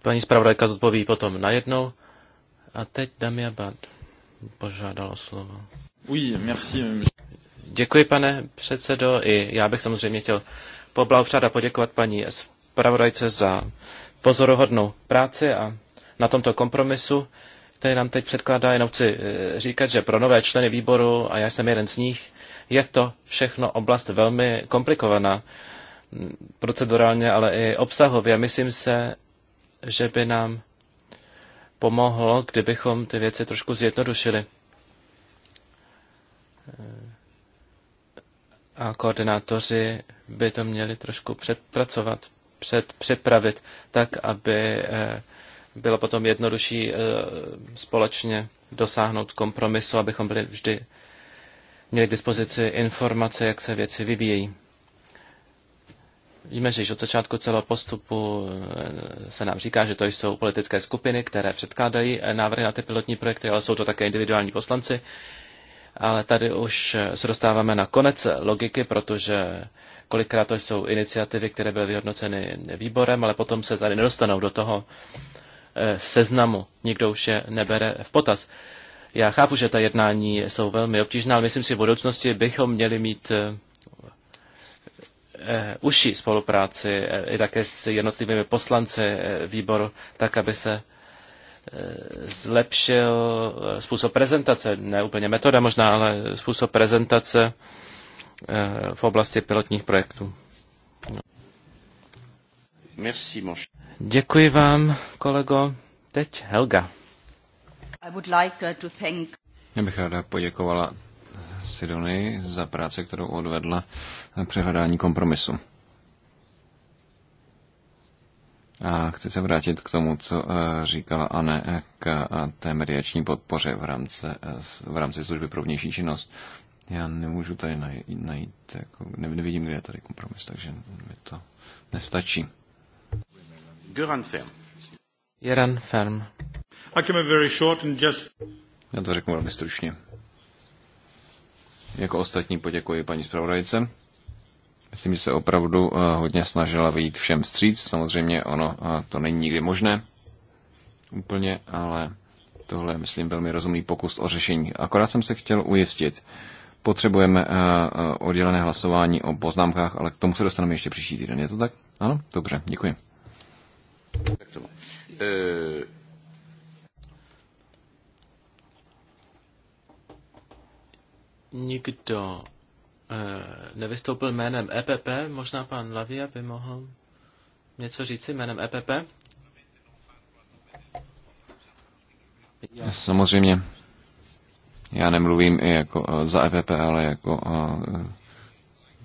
Speaker 3: Paní zpravodajka zodpoví potom najednou. A teď Damia Bad požádal o slovo. Oui, merci. Děkuji, pane předsedo. I já bych samozřejmě chtěl poblahopřát a poděkovat paní zpravodajce za pozoruhodnou práci a na tomto kompromisu který nám teď předkládá, jenom chci eh, říkat, že pro nové členy výboru, a já jsem jeden z nich, je to všechno oblast velmi komplikovaná procedurálně, ale i obsahově. Myslím se, že by nám pomohlo, kdybychom ty věci trošku zjednodušili. Eh, a koordinátoři by to měli trošku předpracovat, předpřipravit, tak aby eh, bylo potom jednodušší eh, společně dosáhnout kompromisu, abychom byli vždy měli k dispozici informace, jak se věci vyvíjejí. Víme, že již od začátku celého postupu eh, se nám říká, že to jsou politické skupiny, které předkládají eh, návrhy na ty pilotní projekty, ale jsou to také individuální poslanci. Ale tady už se dostáváme na konec logiky, protože kolikrát to jsou iniciativy, které byly vyhodnoceny výborem, ale potom se tady nedostanou do toho Eh, seznamu. Nikdo už je nebere v potaz. Já chápu, že ta jednání jsou velmi obtížná, ale myslím si, v budoucnosti bychom měli mít eh, eh, užší spolupráci i také s jednotlivými poslanci výboru, tak aby se zlepšil způsob prezentace, ne úplně metoda možná, ale způsob prezentace v oblasti pilotních projektů.
Speaker 1: Merci, mon Děkuji vám, kolego. Teď Helga.
Speaker 2: I would like uh, to thank...
Speaker 1: Já bych ráda poděkovala Sidonii za práci, kterou odvedla při hledání kompromisu. A chci se vrátit k tomu, co eh, říkala Anne k eh, té mediační podpoře v rámci, eh, v rámci služby pro vnější činnost. Já nemůžu tady najít, najít jako, nevidím, kde je tady kompromis, takže mi to nestačí. Göran Ferm. Göran
Speaker 2: I can be very short and just...
Speaker 1: Já to řeknu velmi stručně. Jako ostatní poděkuji paní zpravodajce. Myslím, že se opravdu eh, hodně snažila vyjít všem vstříc. Samozřejmě ono eh, to není nikdy možné úplně, ale tohle je, myslím, velmi rozumný pokus o řešení. Akorát jsem se chtěl ujistit. Potřebujeme eh, oddělené hlasování o poznámkách, ale k tomu se dostaneme ještě příští týden. Je to tak? Ano? Dobře, děkuji.
Speaker 3: Nikdo eh, nevystoupil jménem EPP, možná pan Lavia by mohl něco říci jménem EPP?
Speaker 1: Samozřejmě. Já nemluvím jako eh, za EPP, ale jako eh,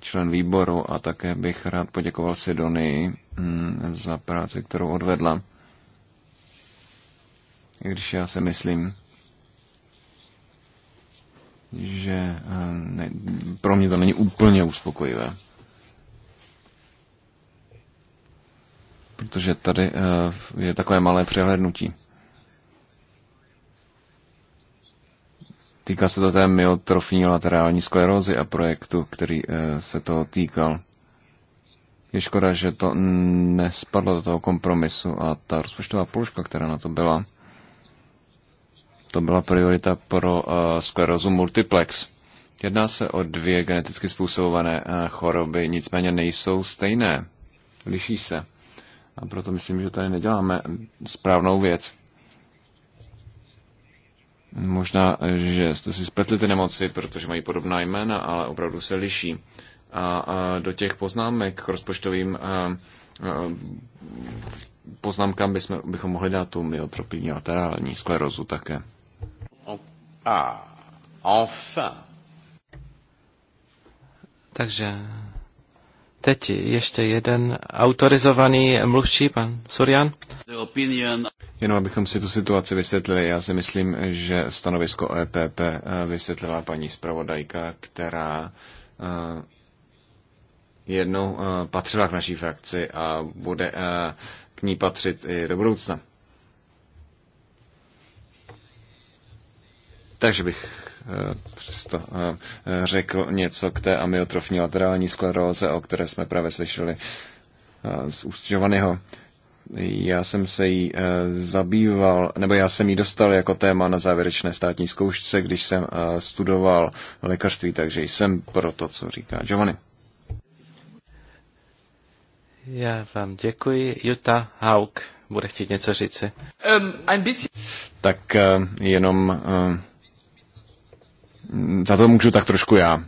Speaker 1: člen výboru a také bych rád poděkoval Sidonii mm, za práci, kterou odvedla. I když já se myslím, že eh, ne, pro mě to není úplně uspokojivé. Protože tady eh, je takové malé přehlednutí. Týká se to té myotrofní laterální sklerózy a projektu, který eh, se toho týkal. Je škoda, že to nespadlo do toho kompromisu a ta rozpočtová položka, která na to byla, to byla priorita pro uh, sklerózu multiplex. Jedná se o dvě geneticky způsobované uh, choroby, nicméně nejsou stejné. Liší se. A proto myslím, že tady neděláme správnou věc. Možná, že jste si spletli ty nemoci, protože mají podobná jména, ale opravdu se liší. A, a do těch poznámek k rozpočtovým a, a, poznámkám bychom, bychom mohli dát tu myotropii laterální sklerozu také.
Speaker 3: A, enfin. Takže teď ještě jeden autorizovaný
Speaker 1: mluvčí, pan Surian. Jenom abychom si tu situaci vysvětlili, já si myslím, že stanovisko EPP eh, vysvětlila paní zpravodajka, která eh, jednou eh, patřila k naší frakci a bude k ní patřit i do budoucna. Takže bych přesto řekl něco k té amyotrofní laterální skleróze, o které jsme právě slyšeli z ústňovaného. Já jsem se jí eh, zabýval, nebo já jsem jí dostal jako téma na závěrečné státní zkoušce, když jsem eh, studoval lékařství, takže jsem pro to, co říká Giovanni.
Speaker 3: Já vám děkuji. Jutta Hauk bude chtít něco říci.
Speaker 1: Um, busy. Tak eh, jenom za to můžu tak trošku já.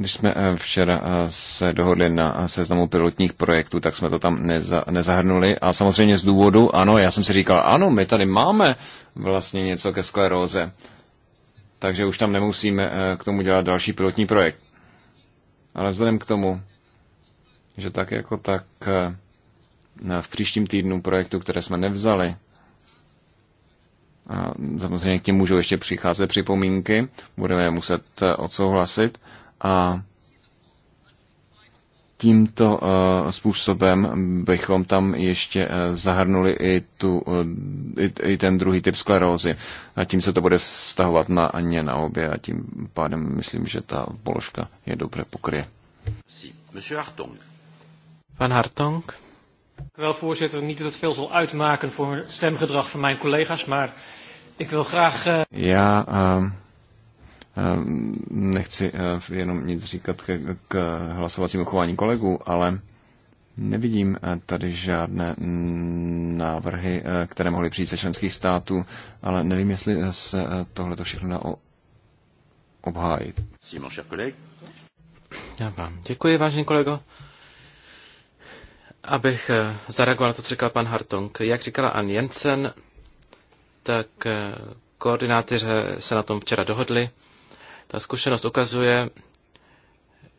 Speaker 1: Když jsme eh, včera eh, se dohodli na seznamu pilotních projektů, tak jsme to tam neza, nezahrnuli. A samozřejmě z důvodu, ano, já jsem si říkal, ano, my tady máme vlastně něco ke skleróze, takže už tam nemusíme eh, k tomu dělat další pilotní projekt. Ale vzhledem k tomu, že tak jako tak v příštím týdnu projektu, které jsme nevzali, a samozřejmě k těm můžou ještě přicházet připomínky, budeme je muset odsouhlasit, a tímto eh, způsobem bychom tam ještě eh, zahrnuli i, tu, eh, i, i ten druhý typ sklerózy. A tím se to bude vztahovat na ně na obě a tím pádem myslím, že ta položka je dobře pokryje. Pan Hartong.
Speaker 3: Wel, voorzitter, niet dat het veel zal uitmaken voor het stemgedrag van mijn collega's, maar ik wil graag... Uh...
Speaker 1: Ja, uh... Ehm, nechci eh, jenom nic říkat k, k hlasovacímu chování kolegů, ale nevidím eh, tady žádné mm, návrhy, eh, které mohly přijít ze členských států, ale nevím, jestli se tohle to všechno dá obhájit. Já vám
Speaker 3: děkuji, vážený kolego. Abych zareagoval na to, co říkal pan Hartong. Jak říkala Ann Jensen, tak koordinátoři se na tom včera dohodli ta zkušenost ukazuje,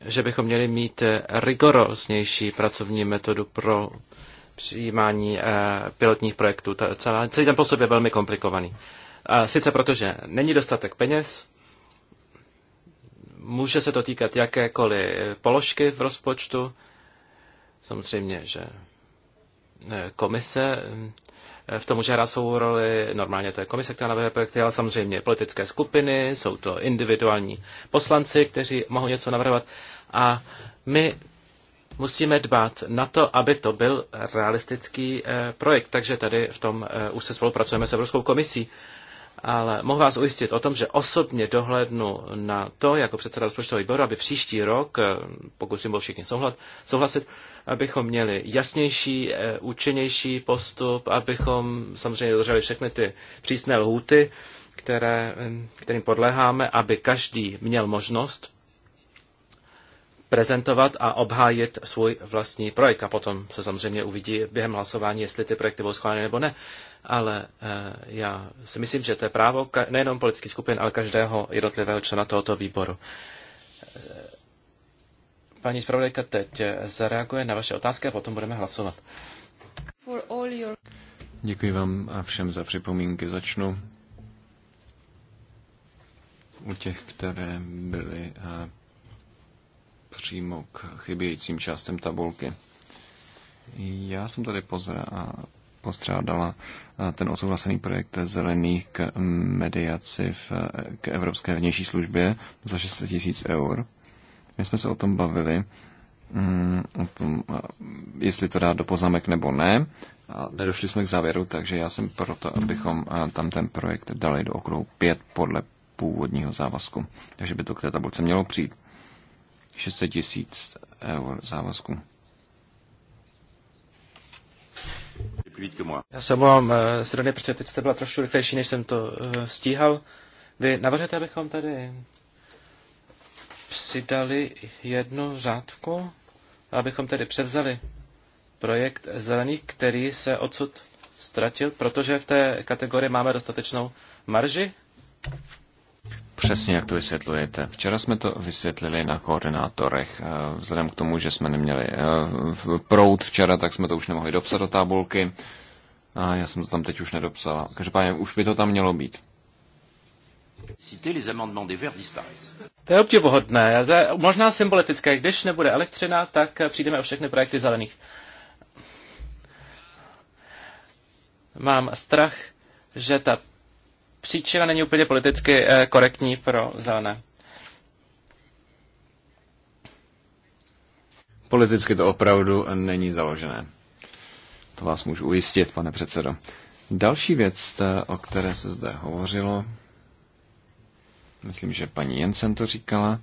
Speaker 3: že bychom měli mít rigoroznější pracovní metodu pro přijímání eh, pilotních projektů. Ta, celá, celý ten postup je velmi komplikovaný. A sice protože není dostatek peněz, může se to týkat jakékoliv položky v rozpočtu, samozřejmě, že eh, komise hm, v tom může hrát svou roli normálně té komise, která navrhuje projekty, ale samozřejmě politické skupiny, jsou to individuální poslanci, kteří mohou něco navrhovat a my musíme dbát na to, aby to byl realistický eh, projekt, takže tady v tom eh, už se spolupracujeme s Evropskou komisí. Ale mohu vás ujistit o tom, že osobně dohlednu na to, jako předseda rozpočtového výboru, aby příští rok, eh, pokud si budou všichni souhlasit, abychom měli jasnější, eh, účinnější postup, abychom samozřejmě dodrželi všechny ty přísné lhůty, které, kterým podléháme, aby každý měl možnost prezentovat a obhájit svůj vlastní projekt. A potom se samozřejmě uvidí během hlasování, jestli ty projekty budou schváleny nebo ne. Ale eh, já si myslím, že to je právo nejenom politických skupin, ale každého jednotlivého člena tohoto výboru. Paní zpravodajka teď zareaguje na vaše otázky a potom budeme hlasovat.
Speaker 2: Your...
Speaker 1: Děkuji vám a všem za připomínky. Začnu u těch, které byly eh, přímo k chybějícím částem tabulky. Já jsem tady pozra, postrádala eh, ten odsouhlasený projekt zelených k mediaci v, eh, k Evropské vnější službě za 600 tisíc eur. My jsme se o tom bavili, mm, o tom, jestli to dá do poznámek nebo ne. A nedošli jsme k závěru, takže já jsem proto, abychom tam ten projekt dali do okruhu 5 podle původního závazku. Takže by to k té tabulce mělo přijít. 600 tisíc eur závazku.
Speaker 3: Já se omlouvám, eh, Srony, protože teď jste byla trošku rychlejší, než jsem to eh, stíhal. Vy navrhujete, abychom tady přidali jednu řádku, abychom tedy převzali projekt zelených, který se odsud ztratil, protože v té kategorii máme dostatečnou marži?
Speaker 1: Přesně, jak to vysvětlujete. Včera jsme to vysvětlili na koordinátorech. Eh, vzhledem k tomu, že jsme neměli eh, prout včera, tak jsme to už nemohli dopsat do tabulky. A já jsem to tam teď už nedopsala. Každopádně už by to tam mělo být. To je
Speaker 3: obdivuhodné, to je možná symbolické. Když nebude elektřina, tak přijdeme o všechny projekty zelených. Mám strach, že ta příčina není úplně politicky eh, korektní pro zelené.
Speaker 1: Politicky to opravdu není založené. To vás můžu ujistit, pane předsedo. Další věc, o které se zde hovořilo, Myslím, že paní Jensen to říkala.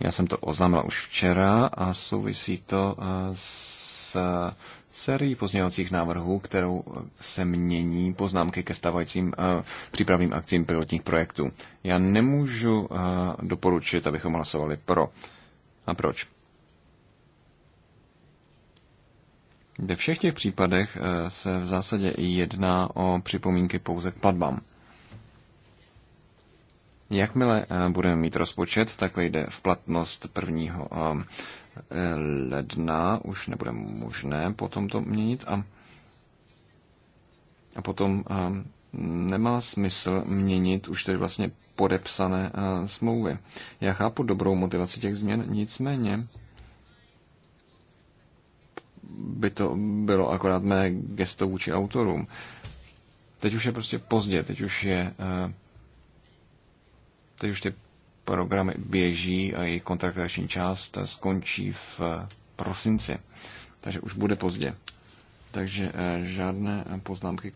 Speaker 1: Já jsem to oznámila už včera a souvisí to eh, s eh, sérií pozměňovacích návrhů, kterou eh, se mění poznámky ke stávajícím přípravným akcím pilotních projektů. Já nemůžu doporučit, abychom hlasovali pro. A proč? Ve všech těch případech se v zásadě jedná o připomínky pouze k platbám. Jakmile eh, budeme mít rozpočet, tak vejde v platnost 1. Eh, ledna, už nebude možné potom to měnit a, a potom eh, nemá smysl měnit už tedy vlastně podepsané smlouvy. Já chápu dobrou motivaci těch změn, nicméně by to bylo akorát mé gesto vůči autorům. Teď už je prostě pozdě, teď už je Teď už ty programy běží a jejich kontraktační část skončí v eh, prosinci. Takže už bude pozdě. Takže eh, žádné poznámky k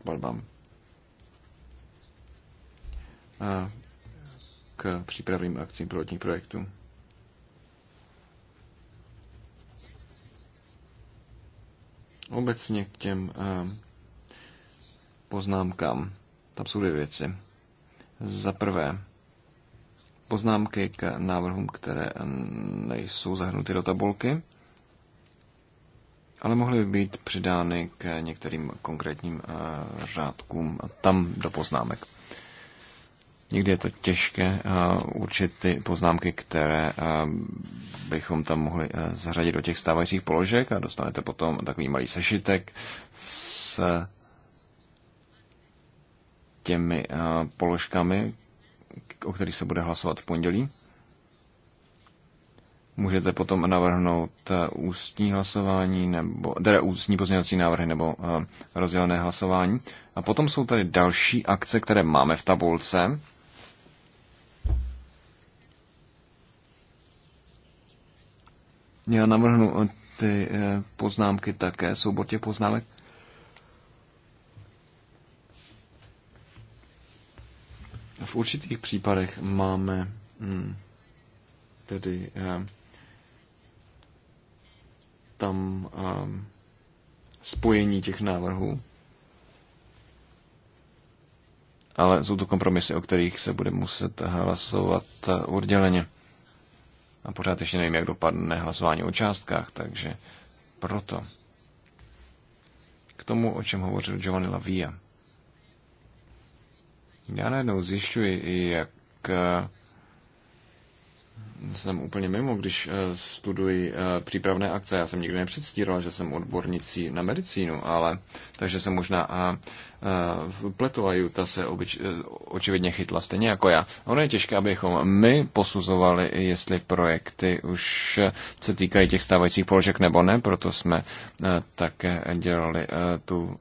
Speaker 1: A K přípravným akcím pilotních projektů. Obecně k těm eh, poznámkám. Tam jsou dvě věci. Za prvé, poznámky k návrhům, které nejsou zahrnuty do tabulky, ale mohly by být přidány k některým konkrétním eh, řádkům a tam do poznámek. Někdy je to těžké eh, určit ty poznámky, které eh, bychom tam mohli zařadit do těch stávajících položek a dostanete potom takový malý sešitek s těmi položkami, o který se bude hlasovat v pondělí. Můžete potom navrhnout eh, ústní hlasování, nebo, teda ústní pozměňovací návrhy nebo uh, rozdělené hlasování. A potom jsou tady další akce, které máme v tabulce. Já navrhnu eh, ty poznámky také, soubor těch poznámek. V určitých případech máme hm, tedy eh, tam eh, spojení těch návrhů, ale jsou to kompromisy, o kterých se bude muset hlasovat eh, odděleně. A pořád ještě nevím, jak dopadne hlasování o částkách, takže proto. K tomu, o čem hovořil Giovanni Lavia. Já najednou zjišťuji, jak eh, jsem úplně mimo, když eh, studuji eh, přípravné akce. Já jsem nikdy nepředstíral, že jsem odbornicí na medicínu, ale takže jsem možná a, a pletu a Juta se obyč, očividně chytla stejně jako já. Ono je těžké, abychom my posuzovali, jestli projekty už se týkají těch stávajících položek nebo ne, proto jsme také dělali tu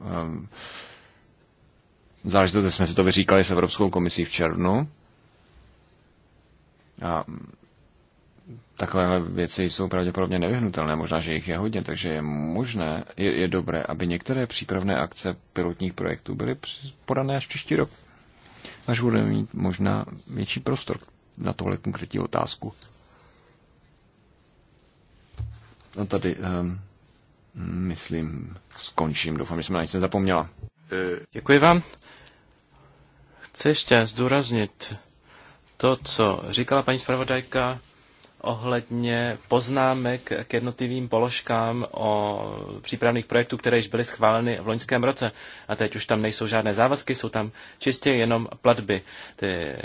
Speaker 1: záležitost, jsme si to vyříkali s Evropskou komisí v červnu. A takovéhle věci jsou pravděpodobně nevyhnutelné, možná, že jich je hodně, takže je možné, je, je dobré, aby některé přípravné akce pilotních projektů byly podané až příští rok, až budeme mít možná větší prostor na tohle konkrétní otázku. A no tady, um, myslím, skončím. Doufám, že jsem na nic nezapomněla.
Speaker 3: Eh. Děkuji vám. Chci ještě zdůraznit to, co říkala paní zpravodajka ohledně poznámek k jednotlivým položkám o přípravných projektů, které již byly schváleny v loňském roce. A teď už tam nejsou žádné závazky, jsou tam čistě jenom platby. Ty eh,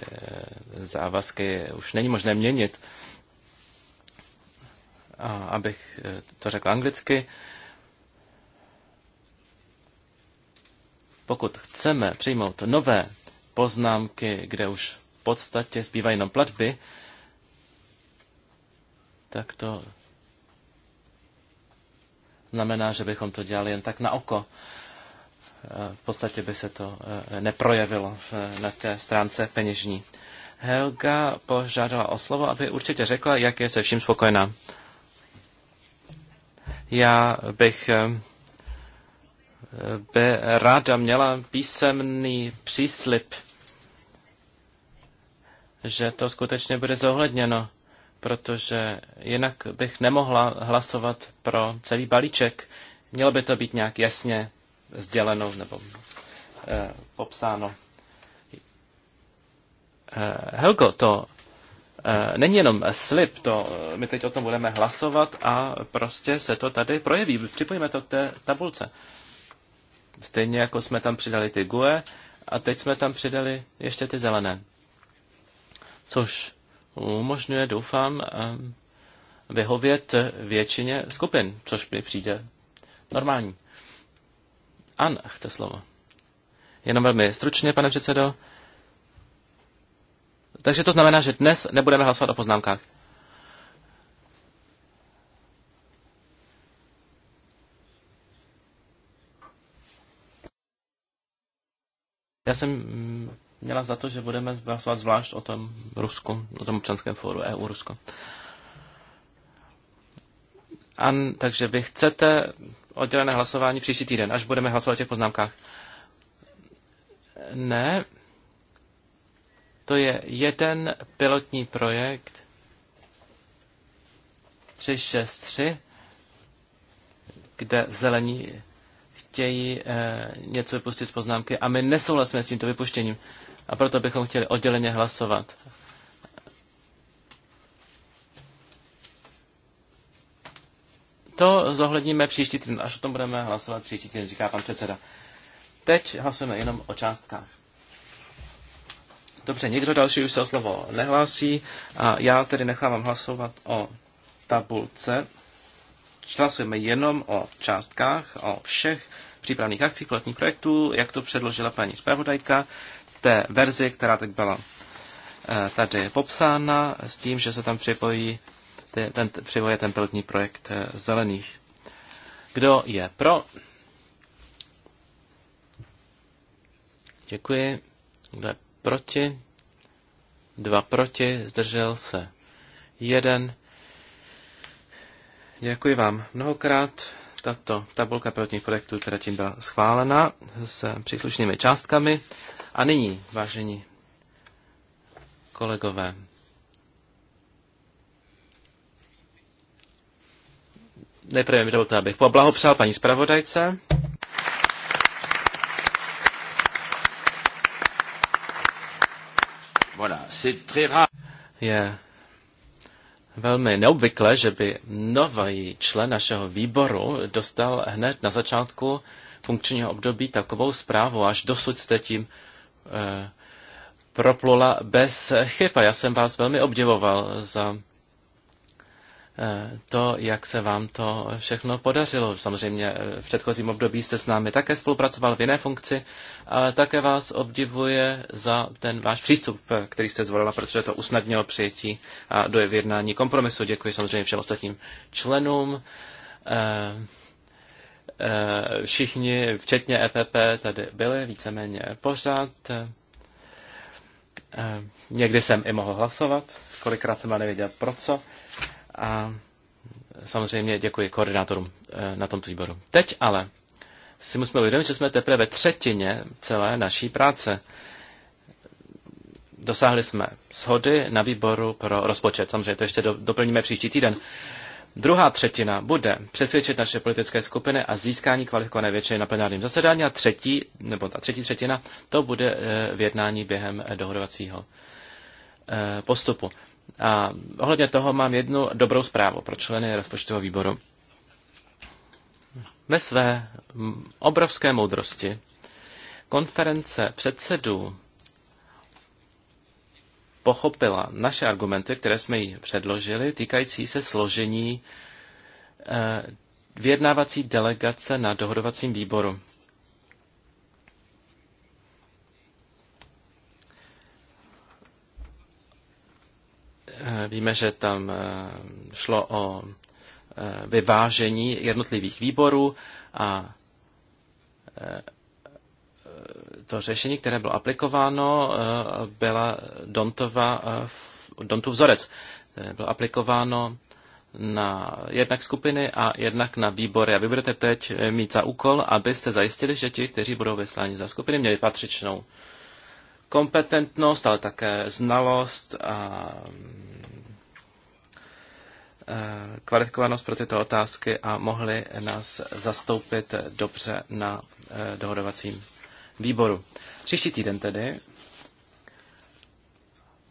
Speaker 3: závazky už není možné měnit. A abych eh, to řekl anglicky, pokud chceme přijmout nové poznámky, kde už v podstatě zbývají jenom platby, tak to znamená, že bychom to dělali jen tak na oko. Eh, v podstatě by se to eh, neprojevilo na té stránce peněžní. Helga požádala o slovo, aby určitě řekla, jak je se vším spokojená. Já bych eh, by ráda měla písemný příslip, že to skutečně bude zohledněno, protože jinak bych nemohla hlasovat pro celý balíček. Mělo by to být nějak jasně sděleno nebo eh, popsáno. Eh, Helgo, to eh, není jenom slib, to eh, my teď o tom budeme hlasovat a prostě se to tady projeví. Připojíme to k té tabulce. Stejně jako jsme tam přidali ty GUE a teď jsme tam přidali ještě ty zelené. Což umožňuje, doufám, vyhovět většině skupin, což mi přijde normální. An chce slovo. Jenom velmi stručně, pane předsedo. Takže to znamená, že dnes nebudeme hlasovat o poznámkách. Já jsem mm, měla za to, že budeme hlasovat zvlášť o tom Rusku, o tom občanském fóru EU Rusko. An, takže vy chcete oddělené hlasování příští týden, až budeme hlasovat o těch poznámkách. Ne, to je jeden pilotní projekt 363, kde zelení chtějí eh, něco vypustit z poznámky a my nesouhlasíme s tímto vypuštěním. A proto bychom chtěli odděleně hlasovat. To zohledníme příští týden, až o tom budeme hlasovat příští týden, říká pan předseda. Teď hlasujeme jenom o částkách. Dobře, někdo další už se o slovo nehlásí a já tedy nechávám hlasovat o tabulce hlasujeme jenom o částkách, o všech přípravných akcích pilotních projektů, jak to předložila paní zpravodajka, té verzi, která tak byla eh, tady popsána, s tím, že se tam připojí ten, připojí ten pilotní projekt eh, zelených. Kdo je pro? Děkuji. Kdo je proti? Dva proti, zdržel se jeden. Děkuji vám mnohokrát. Tato tabulka pilotních projektů která tím byla schválena s příslušnými částkami. A nyní, vážení kolegové, nejprve mi dovolte, abych poblahopřál paní zpravodajce.
Speaker 1: Voilà, c'est très rare.
Speaker 3: Je velmi neobvyklé, že by nový člen našeho výboru dostal hned na začátku funkčního období takovou zprávu, až dosud jste tím e, proplula bez chyb. A já jsem vás velmi obdivoval za Eh, to, jak se vám to všechno podařilo. Samozřejmě eh, v předchozím období jste s námi také spolupracoval v jiné funkci, ale také vás obdivuje za ten váš přístup, eh, který jste zvolila, protože to usnadnilo přijetí a do vyjednání kompromisu. Děkuji samozřejmě všem ostatním členům. Všichni, včetně EPP, tady byli víceméně pořád. Někdy jsem i mohl hlasovat, kolikrát jsem ale nevěděl pro co. A samozřejmě děkuji koordinátorům eh, na tomto výboru. Teď ale si musíme uvědomit, že jsme teprve ve třetině celé naší práce. Dosáhli jsme shody na výboru pro rozpočet. Samozřejmě to ještě doplníme příští týden. Druhá třetina bude přesvědčit naše politické skupiny a získání kvalifikované většiny na plenárním zasedání a třetí, nebo ta třetí třetina, to bude eh, v jednání během eh, dohodovacího postupu. A ohledně toho mám jednu dobrou zprávu pro členy rozpočtového výboru. Ve své obrovské moudrosti konference předsedů pochopila naše argumenty, které jsme jí předložili, týkající se složení eh, vyjednávací delegace na dohodovacím výboru. Eh, víme, že tam eh, šlo o eh, vyvážení jednotlivých výborů a to řešení, které bylo aplikováno, byla Dontova, Dontův vzorec. Bylo aplikováno na jednak skupiny a jednak na výbory. A vy budete teď mít za úkol, abyste zajistili, že ti, kteří budou vysláni za skupiny, měli patřičnou kompetentnost, ale také znalost a Eh, kvalifikovanost pro tyto otázky a mohli nás zastoupit dobře na eh, dohodovacím výboru. Příští týden tedy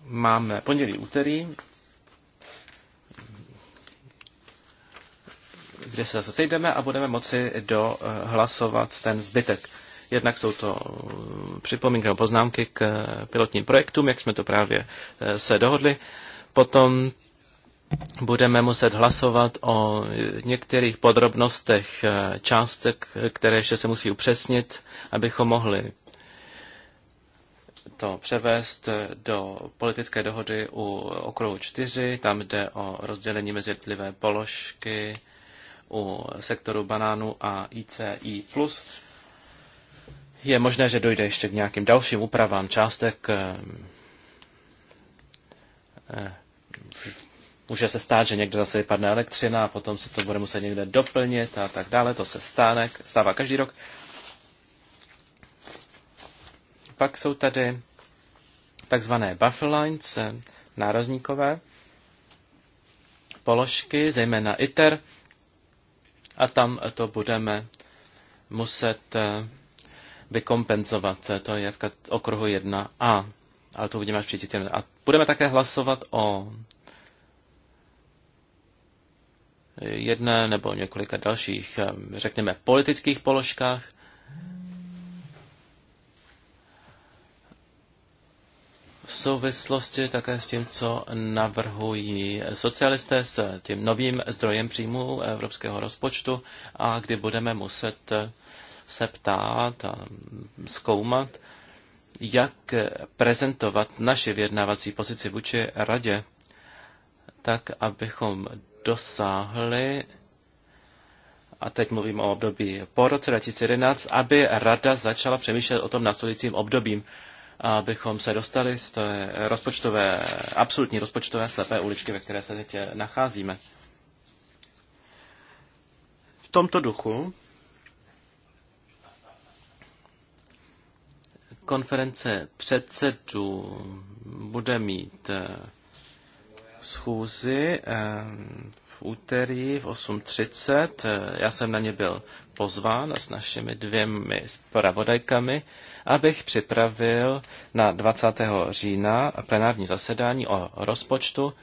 Speaker 3: máme pondělí, úterý, kde se zase sejdeme a budeme moci dohlasovat eh, ten zbytek. Jednak jsou to připomínky nebo poznámky k pilotním projektům, jak jsme to právě se dohodli. Potom budeme muset hlasovat o některých podrobnostech eh, částek, které ještě se musí upřesnit, abychom mohli to převést eh, do politické dohody u okruhu 4. Tam jde o rozdělení mezi jednotlivé položky u sektoru banánu a ICI+. Je možné, že dojde ještě k nějakým dalším úpravám částek eh, Může se stát, že někde zase vypadne elektřina a potom se to bude muset někde doplnit a tak dále. To se stane, stává každý rok. Pak jsou tady takzvané buffer lines, eh, nárazníkové položky, zejména ITER, a tam to budeme muset eh, vykompenzovat. Eh, to je v okruhu 1a, ale to uvidíme až příští týden. A budeme také hlasovat o jedné nebo několika dalších, eh, řekněme, politických položkách. V souvislosti také s tím, co navrhují socialisté s tím novým zdrojem příjmu evropského rozpočtu a kdy budeme muset eh, se ptát a zkoumat, jak prezentovat naši vyjednávací pozici vůči radě, tak abychom dosáhli, a teď mluvím o období po roce 2011, aby rada začala přemýšlet o tom následujícím obdobím, abychom se dostali z té rozpočtové, absolutní rozpočtové slepé uličky, ve které se teď nacházíme. V tomto duchu konference předsedů bude mít eh, schůzi v úterý v 8.30. Já jsem na ně byl pozván s našimi dvěmi spravodajkami, abych připravil na 20. října plenární zasedání o rozpočtu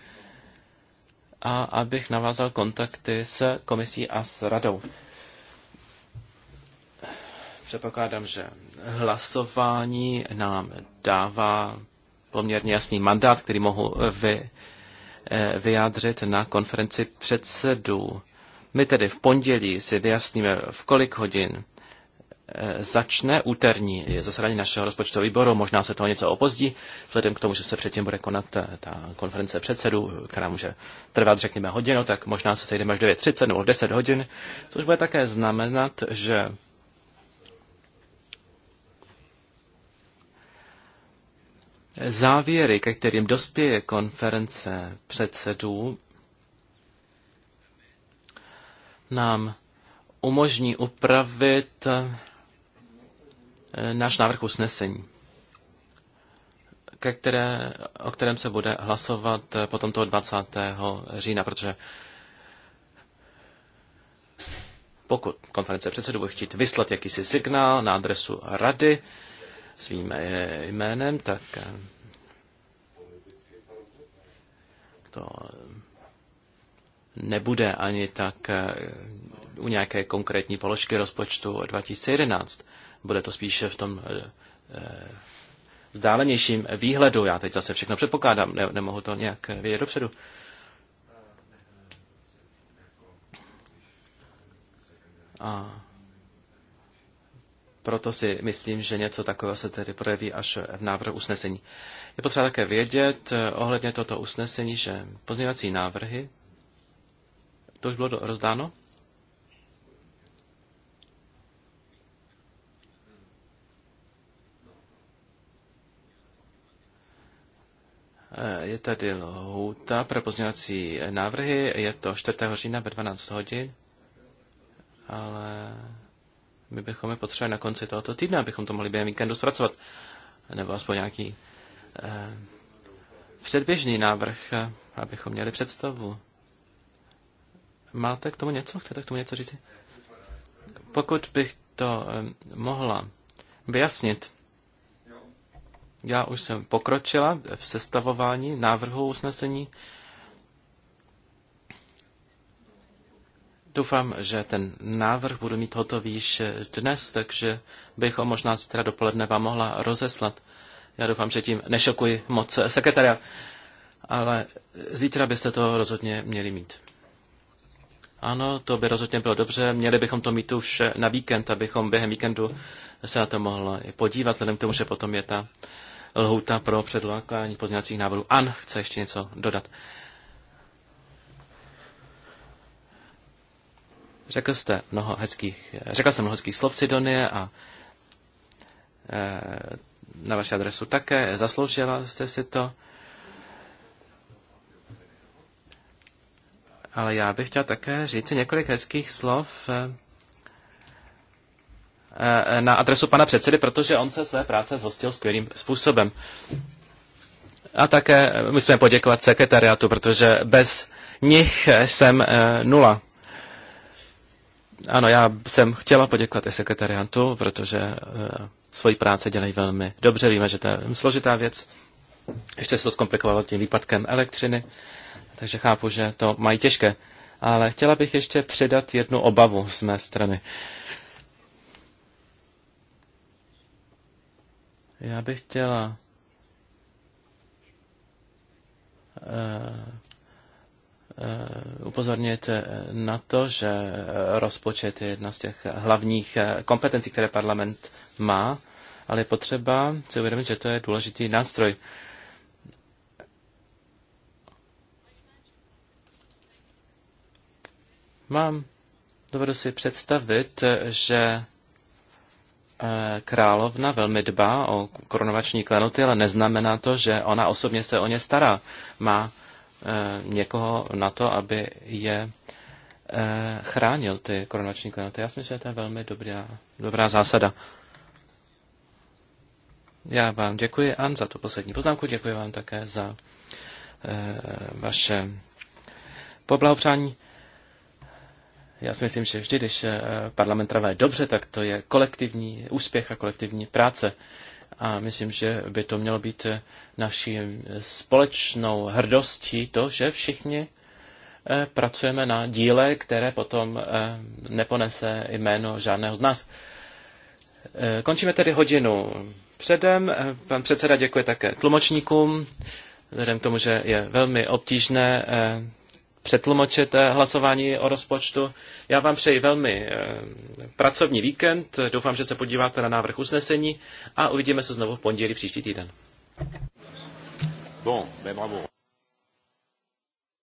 Speaker 3: a abych navázal kontakty s komisí a s radou. Předpokládám, že hlasování nám dává poměrně jasný mandát, který mohu vy, Eh, vyjádřit na konferenci předsedů. My tedy v pondělí si vyjasníme, v kolik hodin eh, začne úterní zasedání našeho rozpočtového výboru, možná se toho něco opozdí, vzhledem k tomu, že se předtím bude konat eh, ta konference předsedů, která může trvat, řekněme, hodinu, tak možná se sejdeme až 9.30 nebo 10 hodin, což bude také znamenat, že závěry, ke kterým dospěje konference předsedů, nám umožní upravit eh, náš návrh usnesení, ke které, o kterém se bude hlasovat eh, potom toho 20. října, protože pokud konference předsedů bude chtít vyslat jakýsi signál na adresu rady svým jménem, tak eh, to nebude ani tak eh, u nějaké konkrétní položky rozpočtu 2011. Bude to spíše v tom eh, eh, vzdálenějším výhledu. Já teď zase všechno předpokládám, ne, nemohu to nějak vědět dopředu. A proto si myslím, že něco takového se tedy projeví až v návrhu usnesení. Je potřeba také vědět eh, ohledně toto usnesení, že pozměňovací návrhy, to už bylo rozdáno? Eh, je tady lhůta pro pozměňovací návrhy, je to 4. října ve 12 hodin, ale my bychom je potřebovali na konci tohoto týdne, abychom to mohli během víkendu zpracovat. Nebo aspoň nějaký eh, předběžný návrh, eh, abychom měli představu. Máte k tomu něco? Chcete k tomu něco říct? Pokud bych to eh, mohla vyjasnit, já už jsem pokročila v sestavování návrhu usnesení. Eh, Doufám, že ten návrh budu mít hotový již dnes, takže bych ho možná zítra dopoledne vám mohla rozeslat. Já doufám, že tím nešokuji moc sekretaria, ale zítra byste to rozhodně měli mít. Ano, to by rozhodně bylo dobře. Měli bychom to mít už na víkend, abychom během víkendu se na to mohla podívat, vzhledem k tomu, že potom je ta lhouta pro předlákání pozměňovacích návrhů. An chce ještě něco dodat. Řekl jste mnoho hezkých, řekl jsem mnoho hezkých slov Sidonie a eh, na vaši adresu také, zasloužila jste si to. Ale já bych chtěl také říct několik hezkých slov eh, eh, na adresu pana předsedy, protože on se své práce zhostil skvělým způsobem. A také musíme poděkovat sekretariátu, protože bez nich jsem nula. Ano, já jsem chtěla poděkovat i sekretariantu, protože e, svoji práci dělají velmi dobře. Víme, že to je složitá věc. Ještě se to zkomplikovalo tím výpadkem elektřiny, takže chápu, že to mají těžké. Ale chtěla bych ještě předat jednu obavu z mé strany. Já bych chtěla eh, Eh, upozornit eh, na to, že eh, rozpočet je jedna z těch hlavních kompetencí, které parlament má, ale je potřeba si uvědomit, že to je důležitý nástroj. Mám, dovedu si představit, že královna velmi dbá o korunovační klenoty, ale neznamená to, že ona osobně se o ně stará. Má Eh, někoho na to, aby je eh, chránil ty korunovační klenoty. Já si myslím, že to je velmi dobrá, dobrá zásada. Já vám děkuji, An, za tu poslední poznámku. Děkuji vám také za e, vaše poblahopřání. Já si myslím, že vždy, když parlament je dobře, tak to je kolektivní úspěch a kolektivní práce a myslím, že by to mělo být eh, naší eh, společnou hrdostí to, že všichni eh, pracujeme na díle, které potom neponese jméno žádného z nás. Končíme tedy hodinu předem. Pan předseda děkuje také tlumočníkům, vzhledem k tomu, že je velmi obtížné přetlumočit hlasování o rozpočtu. Já vám přeji velmi eh, pracovní víkend, doufám, že se podíváte na návrh usnesení a uvidíme se znovu v
Speaker 1: pondělí příští týden. Bon, ben bravo.